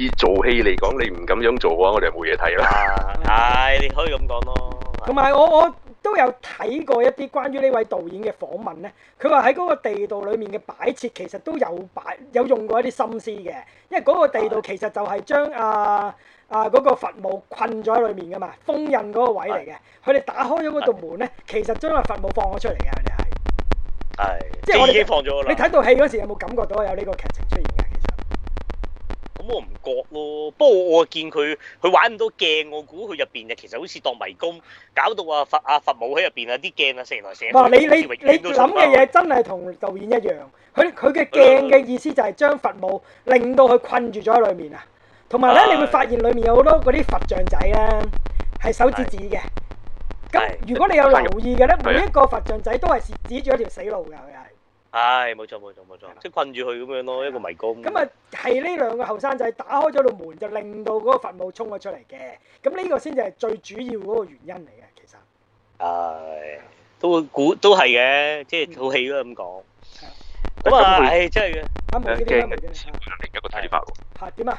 以做戲嚟講，你唔咁樣做嘅話，我哋冇嘢睇啦。唉、 哎，你可以咁講咯。同埋我我都有睇過一啲關於呢位導演嘅訪問咧，佢話喺嗰個地道裡面嘅擺設其實都有擺有用過一啲心思嘅，因為嗰個地道其實就係將啊啊嗰、嗰個佛母困咗喺裏面嘅嘛，封印嗰個位嚟嘅。佢哋的打開咗嗰道門咧，的其實將個佛母放咗出嚟嘅，佢哋係係即係我哋已經放咗啦。你睇套戲嗰時有冇感覺到有呢個劇情出現？我唔覺咯，不過我見佢佢玩咁多鏡，我估佢入邊就其實好似當迷宮，搞到啊佛啊佛母喺入邊啊啲鏡啊成台成。你你你諗嘅嘢真係同導演一樣，佢佢嘅鏡嘅意思就係將佛母令到佢困住咗喺裏面啊。同埋咧，的你會發現裏面有好多嗰啲佛像仔咧，係手指指嘅。咁的如果你有留意嘅咧，的每一個佛像仔都係指住一條死路㗎佢係。係冇錯冇錯冇錯，即係困住佢咁樣咯，一個迷宮。咁啊，係呢兩個後生仔打開咗道門，就令到嗰個佛母衝咗出嚟嘅。咁呢個先至係最主要嗰個原因嚟嘅，其實。係，都會估都係嘅，即係套戲都咁講。咁啊，係即係。驚嘅先會令一個體化喎。嚇點啊？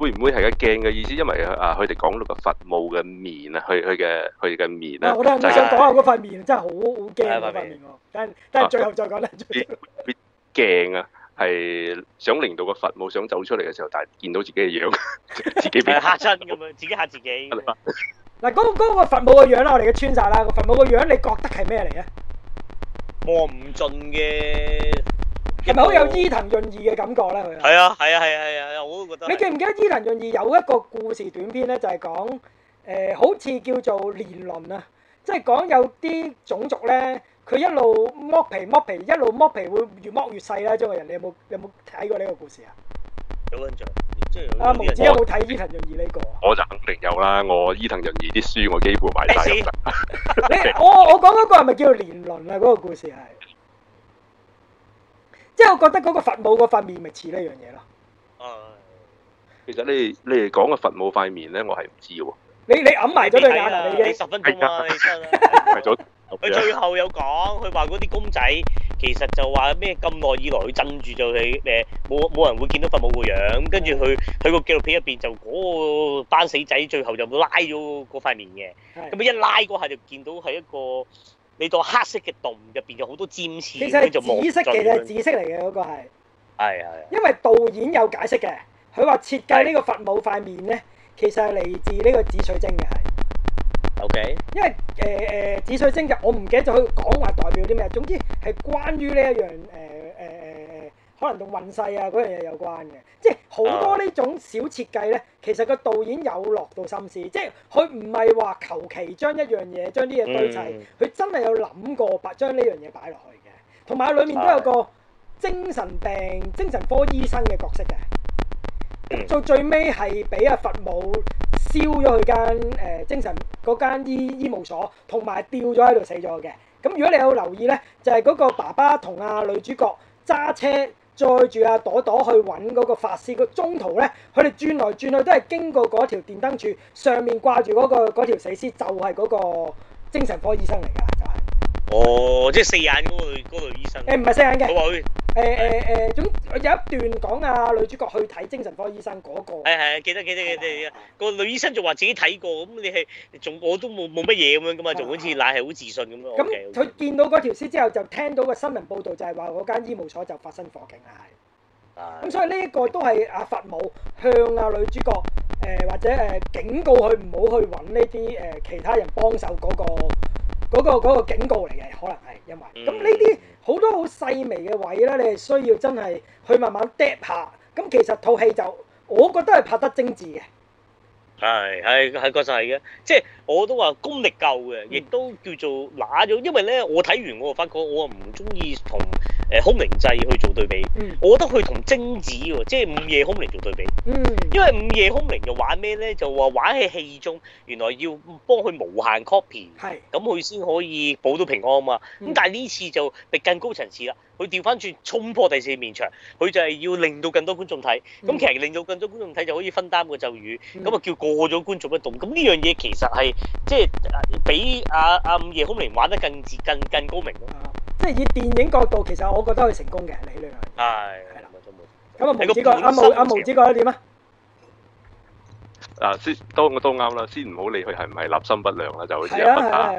會唔會係個鏡嘅意思？因為佛啊，佢哋講到個佛母嘅面啊，佢佢嘅佢嘅面啊，就係想講下嗰塊面，真係好好驚塊面！但係但係最後再講啦，啲鏡啊，係後、啊、想令到個佛母想走出嚟嘅時候，但係見到自己嘅樣， 樣，自己吓親咁樣，自己吓自己。嗱嗰嗰個佛母嘅樣啦，我哋嘅穿晒啦，個佛母嘅樣，你覺得係咩嚟咧？望唔盡嘅。係咪好有伊藤潤二嘅感覺咧？佢係啊，係啊，係啊，係啊，我都覺得。你記唔記得伊藤潤二有一個故事短篇咧？就係講誒，好似叫做年輪啊，即係講有啲種族咧，佢一路剝皮剝皮，一路剝皮會越剝越細啦、啊。中國人，你有冇有冇睇過呢個故事啊？有印象。即係、啊？阿毛子我有冇睇伊藤潤二呢個、啊？我就肯定有啦。我伊藤潤二啲書我幾乎買晒。你我我講嗰個係咪叫做年輪啊？嗰、那個故事係、啊。即係我覺得嗰個佛母嗰塊面咪似呢樣嘢咯。啊，其實你你哋講個佛母塊面咧，我係唔知嘅。你你揞埋咗對眼啦，你十分鐘啊，你真啊，埋咗。佢最後有講，佢話嗰啲公仔其實就話咩咁耐以來佢鎮住就係誒冇冇人會見到佛母個樣，跟住佢佢個紀錄片入邊就嗰個班死仔最後就拉咗嗰塊面嘅，咁佢一拉嗰下就見到係一個。你個黑色嘅洞入邊有好多尖刺，其實係紫色嘅，紫色嚟嘅嗰個係，係 因為導演有解釋嘅，佢話設計呢個佛母塊面咧，其實係嚟自呢個紫水晶嘅，係，OK，因為誒誒、呃、紫水晶嘅，我唔記得咗佢講話代表啲咩，總之係關於呢一樣誒誒。呃呃.可能同運勢啊嗰樣嘢有關嘅，即係好多呢種小設計呢，其實個導演有落到心思，即係佢唔係話求其將一樣嘢將啲嘢堆砌，佢、嗯、真係有諗過把將呢樣嘢擺落去嘅。同埋裏面都有個精神病精神科醫生嘅角色嘅，到最尾係俾阿佛母燒咗佢間誒精神嗰間醫醫務所，同埋吊咗喺度死咗嘅。咁如果你有留意呢，就係、是、嗰個爸爸同阿女主角揸車。載住阿朵朵去揾嗰個法師、嗰個中途咧，佢哋轉來轉去都係經過嗰條電燈柱，上面掛住嗰個嗰條死屍就係、是、嗰個精神科醫生嚟㗎。哦，即係四眼嗰個嗰個醫生。誒，唔係四眼嘅。佢話去。誒誒誒，總有一段講啊，女主角去睇精神科醫生嗰個。誒係啊，記得記得記得。個女醫生仲話自己睇過，咁你係仲我都冇冇乜嘢咁樣噶嘛，仲好似賴係好自信咁咯。咁佢見到嗰條屍之後，就聽到個新聞報道，就係話嗰間醫務所就發生火警啊。係。咁所以呢一個都係阿佛母向阿女主角誒，或者誒警告佢唔好去搵呢啲誒其他人幫手嗰個。嗰、嗰個嗰個警告嚟嘅。可能係因為咁呢啲好多好細微嘅位咧，你係需要真係去慢慢 d e 下。咁其實套戲，就我覺得係拍得精緻嘅，係，係，係確實係嘅。即係我都話功力夠嘅，嗯、亦都叫做拿咗。因為咧，我睇完我發覺我唔中意同。誒凶鈴制去做對比，嗯、我覺得佢同貞子喎，即係午夜凶鈴做對比。嗯，因為午夜凶鈴就玩咩咧？就話玩喺戲，戲中，原來要幫佢無限 copy，係咁佢先可以保到平安嘛。咁、嗯、但係呢次就係更高層次啦。佢掉返轉衝破第四面牆，佢就係要令到更多觀眾睇。咁、嗯、其實令到更多觀眾睇就可以分擔個咒語，咁啊、嗯、叫過咗觀眾一動？咁呢樣嘢其實係即係比阿、啊、阿、啊啊、午夜凶鈴玩得更更更高明啊！即係以電影角度，其實我覺得佢成功嘅，你點啊？係咁啊，毛子哥，阿毛阿毛子哥點啊？嗱，先都我都啱啦，先唔好理佢係唔係立心不良啦，就好似啊，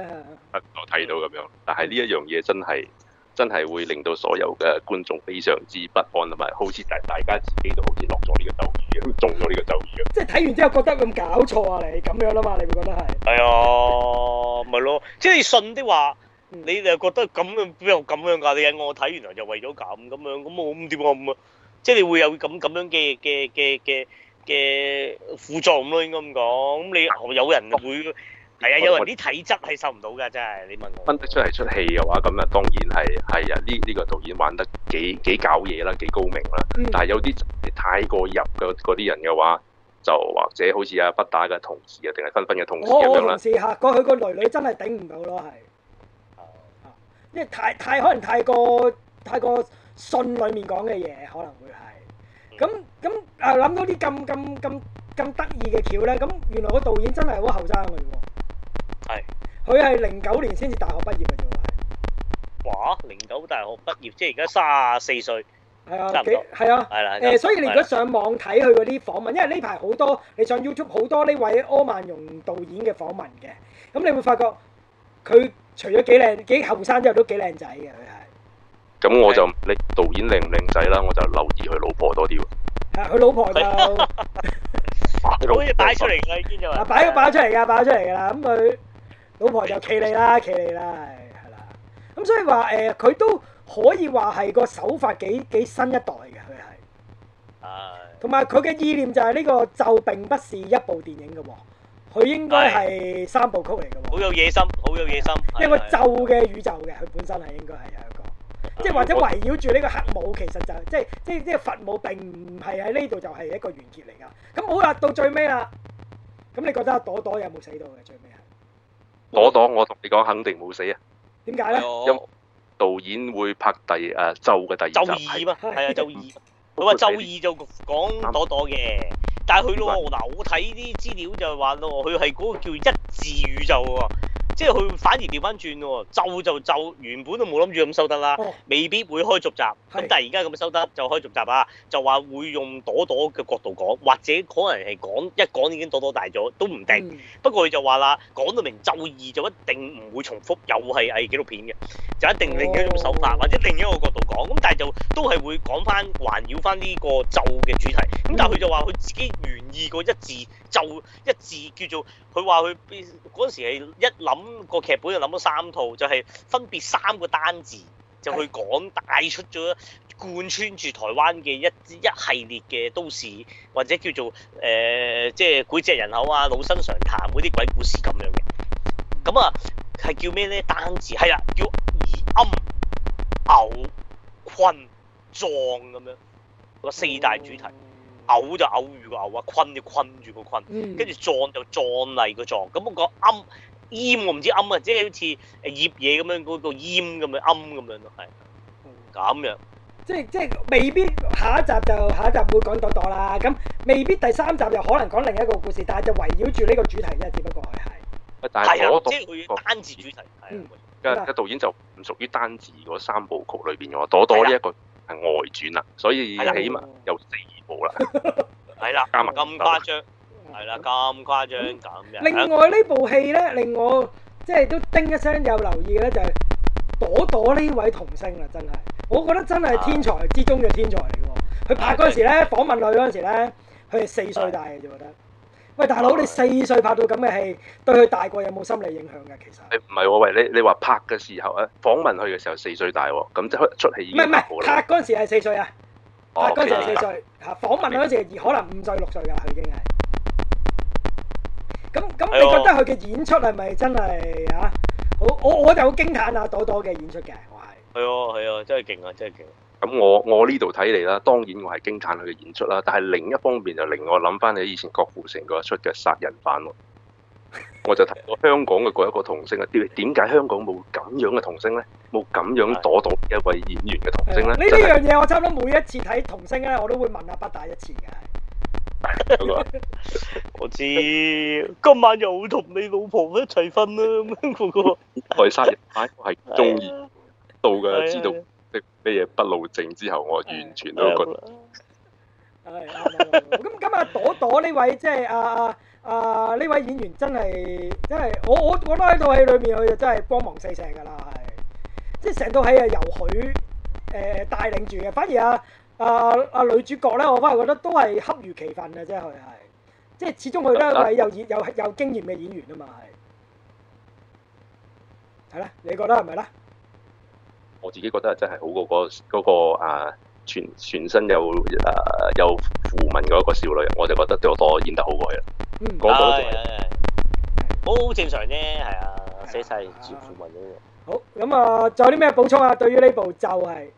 我睇到咁樣。但係呢一樣嘢真係真係會令到所有嘅觀眾非常之不安同埋，好似大大家自己都好似落咗呢個咒語啊，中咗呢個咒語即係睇完之後覺得咁搞錯啊！你咁樣啊嘛？你會覺得係係啊，咪咯，即係信啲話。你就覺得咁樣邊有咁樣㗎？你引我睇，原來就為咗咁咁樣，咁我咁點啊咁啊？即係你會有咁咁樣嘅嘅嘅嘅嘅輔助咯，應該咁講。咁你有人會係啊？有人啲體質係受唔到㗎，真係你問我。分得出嚟出戲嘅話，咁啊當然係係啊！呢呢個導演玩得幾幾搞嘢啦，幾高明啦。但係有啲太過入嗰嗰啲人嘅話，就或者好似啊不打嘅同事啊，定係分分嘅同事咁樣啦。我我同事嚇，佢佢個女女真係頂唔到咯，係。即係太太可能太過太過信裏面講嘅嘢，可能會係咁咁啊諗到啲咁咁咁咁得意嘅橋咧，咁原來個導演真係好後生嘅喎。係。佢係零九年先至大學畢業嘅啫喎。哇！零九大學畢業，即係而家卅四歲。係啊，幾係啊？係啦。誒，所以你而家上網睇佢嗰啲訪問，因為呢排好多你上 YouTube 好多呢位柯孟融導演嘅訪問嘅，咁你會發覺佢。除咗幾靚幾後生之後，都幾靚仔嘅佢係。咁我就你導演靚唔靚仔啦，我就留意佢老婆多啲喎。係，佢老婆就老婆擺出嚟啦，已經就。擺都擺出嚟㗎，擺出嚟㗎啦。咁佢老婆就企你啦，企你啦，係啦。咁所以話誒，佢都可以話係個手法幾幾新一代嘅佢係。係。同埋佢嘅意念就係呢個就並不是一部電影嘅喎。佢應該係三部曲嚟嘅喎，好有野心，好有野心。一個咒嘅宇宙嘅，佢本身係應該係有一個，即係或者圍繞住呢個黑幕，其實就即係即係呢個佛母並唔係喺呢度就係一個完結嚟㗎。咁好啦，到最尾啦，咁你覺得朵朵有冇死到嘅最尾啊？朵朵，我同你講，肯定冇死啊。點解咧？因導演會拍第誒咒嘅第二咒二嘛，係啊，咒二。佢話，咒二就講朵朵嘅。但係佢咯，嗱，我睇啲資料就係話咯，佢係嗰個叫一字宇宙。即係佢反而調翻轉咯喎，咒就就就原本都冇諗住咁收得啦，未必會開續集。咁但係而家咁收得就開續集啊，就話會用朵朵嘅角度講，或者可能係講一講已經朵朵大咗都唔定。不過佢就話啦，講到明咒二就一定唔會重複，又係偽紀錄片嘅，就一定另一種手法或者另一個角度講。咁但係就都係會講翻環繞翻呢個咒嘅主題。咁但係佢就話佢自己原意個一字就一字叫做佢話佢嗰陣時係一諗。個劇本就諗咗三套，就係分別三個單字，就去講帶出咗貫穿住台灣嘅一一系列嘅都市或者叫做誒，即係鬼籍人口啊、老生常談嗰啲鬼故事咁樣嘅。咁啊，係叫咩咧？單字係啊，叫庵、偶、坤、壯咁樣個四大主題。偶就偶遇個偶啊，坤就坤住個坤，跟住壯就壯麗個壯。咁個庵。淹，我唔知暗啊，即係好似誒醃嘢咁樣，嗰個淹咁樣，暗咁樣咯，係。咁樣。即係即係未必下一集就下一集會講朵朵啦，咁未必第三集就可能講另一個故事，但係就圍繞住呢個主題啫，只不過係。係啊，即係單字主題。嗯。嘅嘅導演就唔屬於單字嗰三部曲裏邊嘅話，朵朵呢一個係外傳啦，所以起碼有四部啦。係啦。加埋。咁誇張。係啦，咁誇張，咁嘅。另外呢部戲咧，令我即係都叮一聲有留意咧，就係朵朵呢位童星啊，真係，我覺得真係天才之中嘅天才嚟嘅。佢拍嗰陣時咧，訪問佢嗰陣時咧，佢係四歲大嘅，我覺得。喂，大佬，你四歲拍到咁嘅戲，對佢大個有冇心理影響㗎？其實誒，唔係喎，喂，你你話拍嘅時候咧，訪問佢嘅時候四歲大喎，咁就係出戲，唔係唔係拍嗰陣時係四歲啊，拍嗰陣時係四歲嚇，訪問佢嗰陣時可能五歲六歲啦，佢已經係。咁咁，你覺得佢嘅演出係咪真係嚇？好、啊啊，我我就好驚歎阿、啊、朵朵嘅演出嘅，我係。係啊係啊，真係勁啊，真係勁、啊！咁、嗯、我我呢度睇嚟啦，當然我係驚歎佢嘅演出啦。但係另一方面就令我諗翻起以前郭富城嗰出嘅殺人犯喎， 我就睇過香港嘅嗰一個童星啊，點解香港冇咁樣嘅童星咧？冇咁樣朵朵一位演員嘅童星咧？呢呢樣嘢我差唔多每一次睇童星咧，我都會問阿北大一次嘅。嗰個我知，今晚又同你老婆一齊瞓啦。嗰個台山人係中意，到嘅知道咩咩嘢不老症之後，我完全都覺得。係咁，今日朵朵呢位即係阿阿阿呢位演員，真係因為我我我覺得喺套戲裏面佢就真係光芒四射噶啦，係即係成套戲係由佢誒帶領住嘅，反而阿。啊啊、呃呃！女主角咧，我反而覺得都係恰如其分嘅，即係佢係，即係始終佢都係有演、啊、有有、有經驗嘅演員啊嘛，係，係啦，你覺得係咪咧？我自己覺得真係好過嗰嗰個啊、嗰個，全全身有啊有符文嗰一個少女，我就覺得對我多演得好過佢。嗯，我好正常啫，係啊，寫晒符文好，咁啊，仲、呃、有啲咩補充啊？對於呢部就係、是。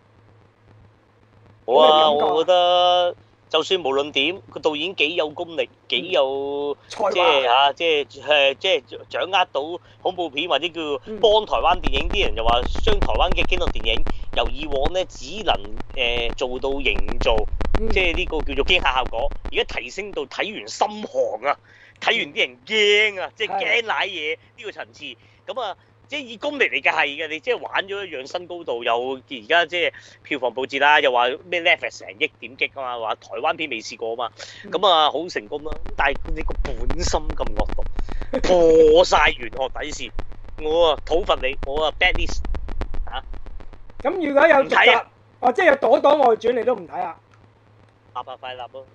哇！我覺得就算無論點，個導演幾有功力，嗯、幾有華即係嚇、啊，即係誒、啊，即係掌握到恐怖片或者叫幫台灣電影啲、嗯、人又話，將台灣嘅驚悚電影由以往咧只能誒、呃、做到營造，嗯、即係呢個叫做驚嚇效果，而家提升到睇完心寒啊，睇完啲人驚啊，嗯、即係驚瀨嘢呢個層次，咁啊的～即以功力嚟嘅係嘅，你即係玩咗一樣新高度，又而家即係票房報捷啦，又話咩 Netflix 成億點擊啊嘛，話台灣片未試過啊嘛，咁啊好成功啦。但係你個本心咁惡毒，破晒玄學底線，我啊討伐你，我啊 badness 啊。咁如果有睇啊，哦，即係有朵朵外傳你都唔睇啊？阿伯快立咯。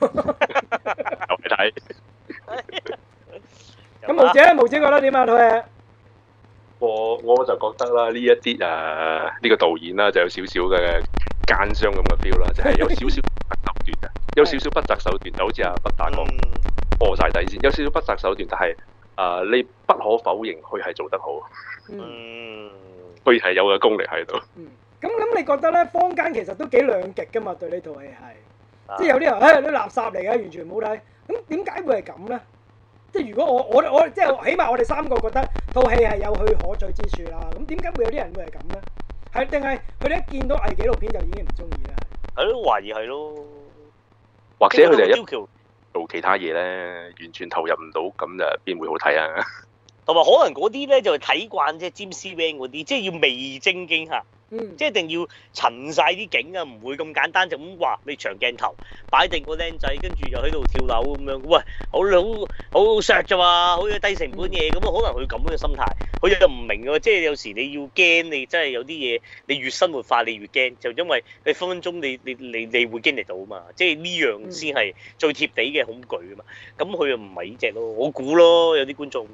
又未睇。咁毛姐，毛姐覺得點啊？佢嘅？我我就覺得啦，呢一啲誒呢個導演啦、啊，就有少少嘅奸商咁嘅 feel 啦， 就係有少少不擇手段嘅，有少少不擇手段，就好似阿不打哥破晒底線，有少少不擇手段，但係誒、呃、你不可否認佢係做得好，嗯，佢係有嘅功力喺度。嗯，咁咁，你覺得咧？坊間其實都幾兩極噶嘛，對呢套戲係，啊、即係有啲人誒啲、哎、垃圾嚟嘅，完全冇睇，咁點解會係咁咧？即係如果我我我即係起碼我哋三個覺得套戲係有佢可取之處啦，咁點解會有啲人會係咁咧？係定係佢哋一見到偽紀錄片就已經唔中意啦？係咯，懷疑係咯。或者佢哋要求做其他嘢咧，完全投入唔到，咁就邊會好睇啊？同 埋可能嗰啲咧就係睇慣即係 James Wan 嗰啲，即係要未正經下。嗯、即係一定要陳晒啲景啊，唔會咁簡單就咁話你長鏡頭擺定個靚仔，跟住又喺度跳樓咁樣。喂，好你好好 shot 咋嘛？好似低成本嘢咁啊，可能佢咁樣嘅心態，佢又唔明嘅。即係有時你要驚，你真係有啲嘢，你越生活化，你越驚。就因為你分分鐘你你你你，你會經歷到啊嘛。即係呢樣先係最貼地嘅恐懼啊嘛。咁佢又唔係呢隻咯，我估咯，有啲觀眾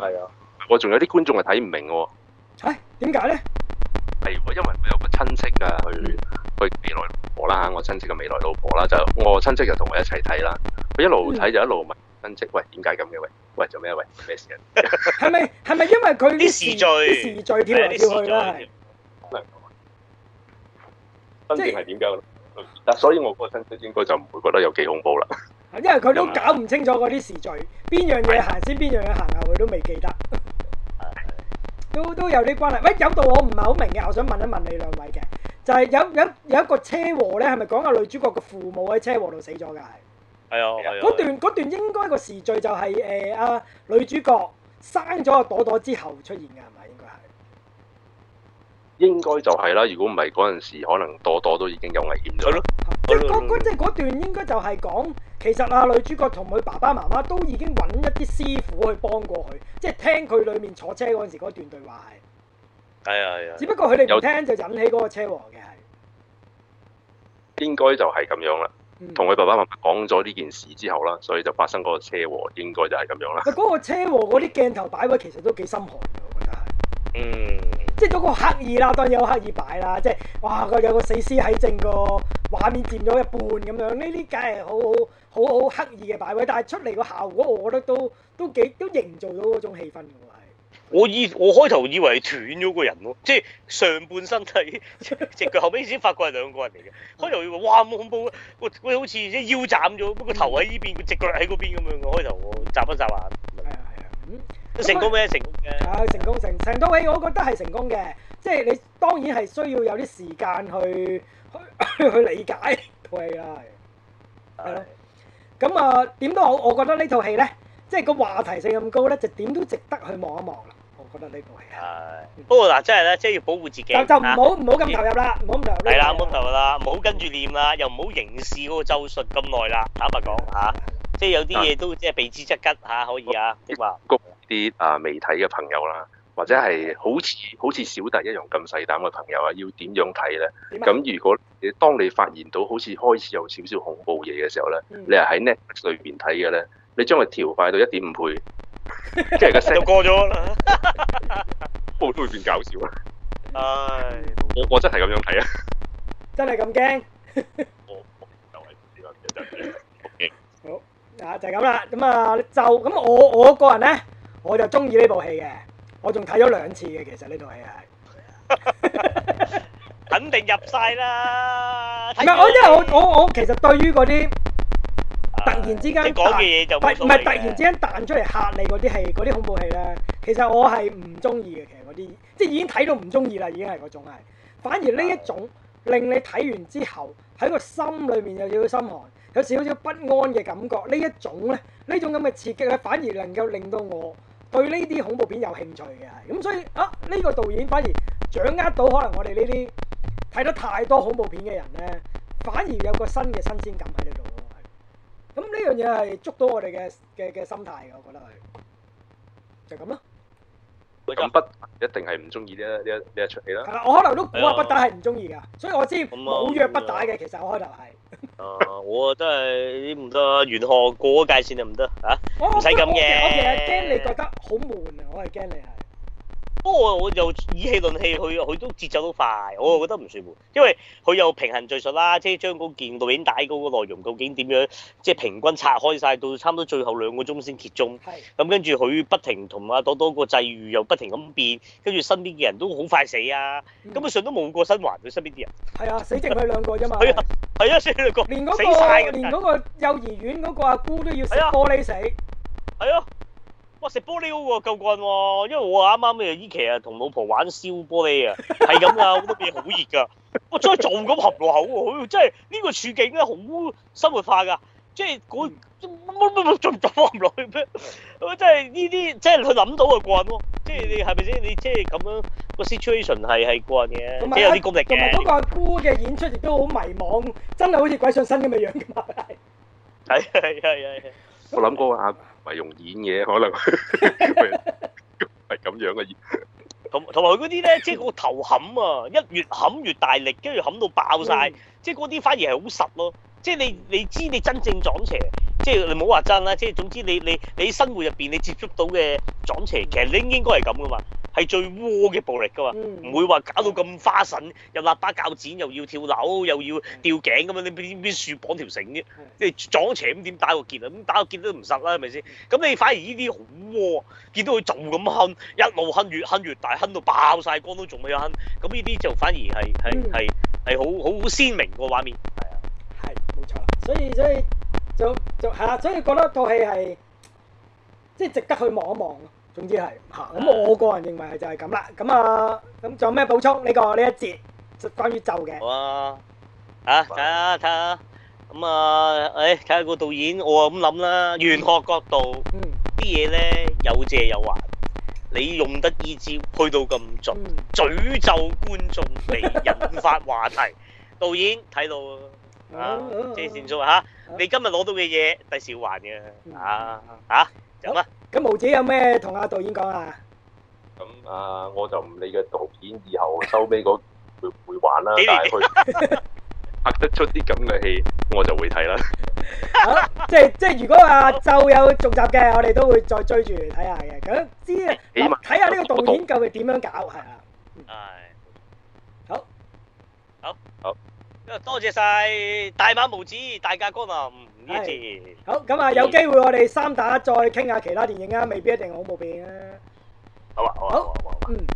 係啊。我仲、嗯、有啲觀眾係睇唔明嘅、哦。吓、哎？點解咧？係，我因為我有個親戚啊，去去未來老婆啦吓，我親戚嘅未來老婆啦，就我親戚就同我一齊睇啦。佢一路睇就一路問親戚，喂，點解咁嘅？喂，喂，做咩啊？喂，咩事啊？係咪係咪因為佢啲時序， 時序跳來跳去啦？係即係點解？嗱，所以我嗰個親戚應該就唔會覺得有幾恐怖啦。因為佢都搞唔清楚嗰啲時序，邊樣嘢行先，邊樣嘢行啊？佢都未記得。都都有啲關係，喂，有道我唔係好明嘅，我想問一問你兩位嘅，就係有有有一個車禍咧，係咪講個女主角嘅父母喺車禍度死咗噶？係，係啊，嗰段嗰段應該個時序就係誒，阿女主角生咗個朵朵之後出現嘅係咪？應該係。應該就係啦，如果唔係嗰陣時，可能多多都已經有危險咗。咯、啊，啊嗯、即係嗰段，應該就係講，其實啊，女主角同佢爸爸媽媽都已經揾一啲師傅去幫過佢，即係聽佢裏面坐車嗰陣時嗰段對話係。係啊係啊。只不過佢哋有聽就引起嗰個車禍嘅係。應該就係咁樣啦。同佢爸爸媽媽講咗呢件事之後啦，嗯、所以就發生嗰個車禍，應該就係咁樣啦。嗰個車禍嗰啲鏡頭擺位其實都幾心寒嘅，我覺得係。嗯。即係嗰個刻意啦，當然有刻意擺啦。即係哇，個有個死屍喺正個畫面佔咗一半咁樣，呢啲梗係好好好好刻意嘅擺位。但係出嚟個效果，我覺得都都幾都營造到嗰種氣氛嘅，係我以我開頭以為斷咗個人咯，即係上半身係直腳，後尾先發覺係兩個人嚟嘅。開頭以為哇，咁恐怖，個好好似一腰斬咗，不過頭喺呢邊，佢直腳喺嗰邊咁樣。開我開頭眨一眨眼。嗯，成功咩？成功嘅，係成功成成套戲，我覺得係成功嘅，即係你當然係需要有啲時間去去去理解，係啊，係咯。咁啊，點都好，我覺得呢套戲咧，即係個話題性咁高咧，就點都值得去望一望啦。我覺得呢部戲係，不過嗱，真係咧，即係要保護自己，就就唔好唔好咁投入啦，唔好咁投入，係啦，唔好投入啦，唔好跟住念啦，又唔好凝視嗰個咒術咁耐啦，坦白講吓。即係有啲嘢都即係避之則吉吓，可以啊，即話谷啲啊未睇嘅朋友啦，或者係好似好似小弟一樣咁細膽嘅朋友啊，要點樣睇咧？咁如果當你發現到好似開始有少少恐怖嘢嘅時候咧，嗯，你係喺 Netflix 裏邊睇嘅咧，你將佢調快到一點五倍，即係個聲就過咗，部 都會變搞笑啊！唉，哎，我我真係咁樣睇啊，真係咁驚。 啊，就係咁啦，咁啊就咁，我我個人咧，我就中意呢部戲嘅，我仲睇咗兩次嘅，其實呢部戲係， 肯定入晒啦。唔係，我因為我我我其實對於嗰啲突然之間，啊、你講嘅嘢就唔係突然之間彈出嚟嚇你嗰啲係嗰啲恐怖戲咧。其實我係唔中意嘅，其實嗰啲即係已經睇到唔中意啦，已經係嗰種係。反而呢一種令你睇完之後喺個心裏面又要心寒，有少少不安嘅感覺，呢一種咧，呢種咁嘅刺激咧，反而能夠令到我對呢啲恐怖片有興趣嘅。咁所以啊，呢個導演反而掌握到可能我哋呢啲睇得太多恐怖片嘅人咧，反而有個新嘅新鮮感喺度。咁呢樣嘢係捉到我哋嘅嘅嘅心態嘅，我覺得係就咁咯。咁不一定係唔中意呢一呢一呢一出戲啦。係啦，我可能都估啊，不打係唔中意噶，的所以我知冇約不打嘅。嗯、其實我開頭係，我真係唔得，沿河過界線就唔得啊，唔使咁嘅。我其實驚你覺得好悶啊，我係驚你係。不過我就以氣論氣，佢佢都節奏都快，我就覺得唔算喎。因為佢又平衡敘述啦，即係將嗰件導演帶嗰個內容究竟點樣，即係平均拆開晒，到差唔多最後兩個鐘先揭盅。係咁是、嗯、跟住佢不停同阿朵朵個際遇又不停咁變，跟住身邊嘅人都好快死啊！根本是、嗯、上都冇個升華佢身邊啲人。係啊，死淨佢兩個啫嘛。係 啊，係啊，所以、啊、個連嗰、那個死連個幼兒園嗰個阿姑都要死。啊，玻璃死。係啊。我食玻璃喎，夠棍喎，因為我啱啱嘅依期啊，同老婆玩燒玻璃啊，係咁噶，好多嘢好熱噶，我再做咁合落去，真係呢個處境咧好生活化噶，即係嗰唔唔唔做唔做翻唔落去咩？咁即係呢啲即係佢諗到嘅棍喎，即係你係咪先？你即係咁樣個 situation 係係棍嘅，即係有啲功力同埋嗰個阿姑嘅演出亦都好迷茫，真係好似鬼上身咁嘅樣噶嘛？係係係係，我諗過啊。唔係用演嘢，可能係咁 是 樣嘅。 同同埋嗰啲咧，即係個頭冚啊，一越冚越大力，跟住冚到爆晒，mm.。即係嗰啲反而係好實咯。即係你你知你真正撞邪，即係你唔好話真啦。即係總之你你你生活入邊你接觸到嘅撞邪，其實你應應該係咁噶嘛。係最窩嘅暴力㗎嘛、嗯，唔會話搞到咁花神，又喇叭、鉸剪又要跳樓，又要吊頸咁啊！你邊邊樹綁條繩啫，即係撞斜咁點打個結啊？咁打個結都唔實啦，係咪先？咁你反而呢啲好窩，見到佢就咁哼，一路哼，越哼越，越大，哼到爆晒光都仲未有哼。咁呢啲就反而係係係係好好鮮明個畫面。係啊，係冇錯。所以所以就就係啦，所以覺得套戲係即係值得去望一望。總之係吓，咁、啊、我個人認為係就係咁啦。咁啊，咁、啊、仲有咩補充呢、這個呢一節？關於咒嘅。好啊。睇下睇下，咁啊，誒、哎，睇下個導演，我啊咁諗啦，玄學角度，啲嘢咧有借有還，你用得意志去到咁盡，詛、嗯、咒觀眾嚟引發話題， 導演睇到啊，啊即係先做吓，啊啊啊、你今日攞到嘅嘢第時要還嘅，啊啊。啊有啊，咁毛子有咩同阿導演講啊？咁啊，我就唔理嘅導演以後收尾嗰會唔會玩啦，但係佢拍得出啲咁嘅戲，我就會睇啦。好，即係即係，如果啊就有續集嘅，我哋都會再追住嚟睇下嘅。咁知啊，睇下呢個導演究竟點樣搞係啊？係，好，好好，今日多謝晒大馬毛子大駕光臨。Yes. Yes. 好，咁啊，有機會我哋三打再傾下其他電影啊，未必一定恐怖片啊。好啊，好啊，好啊，好啊。嗯。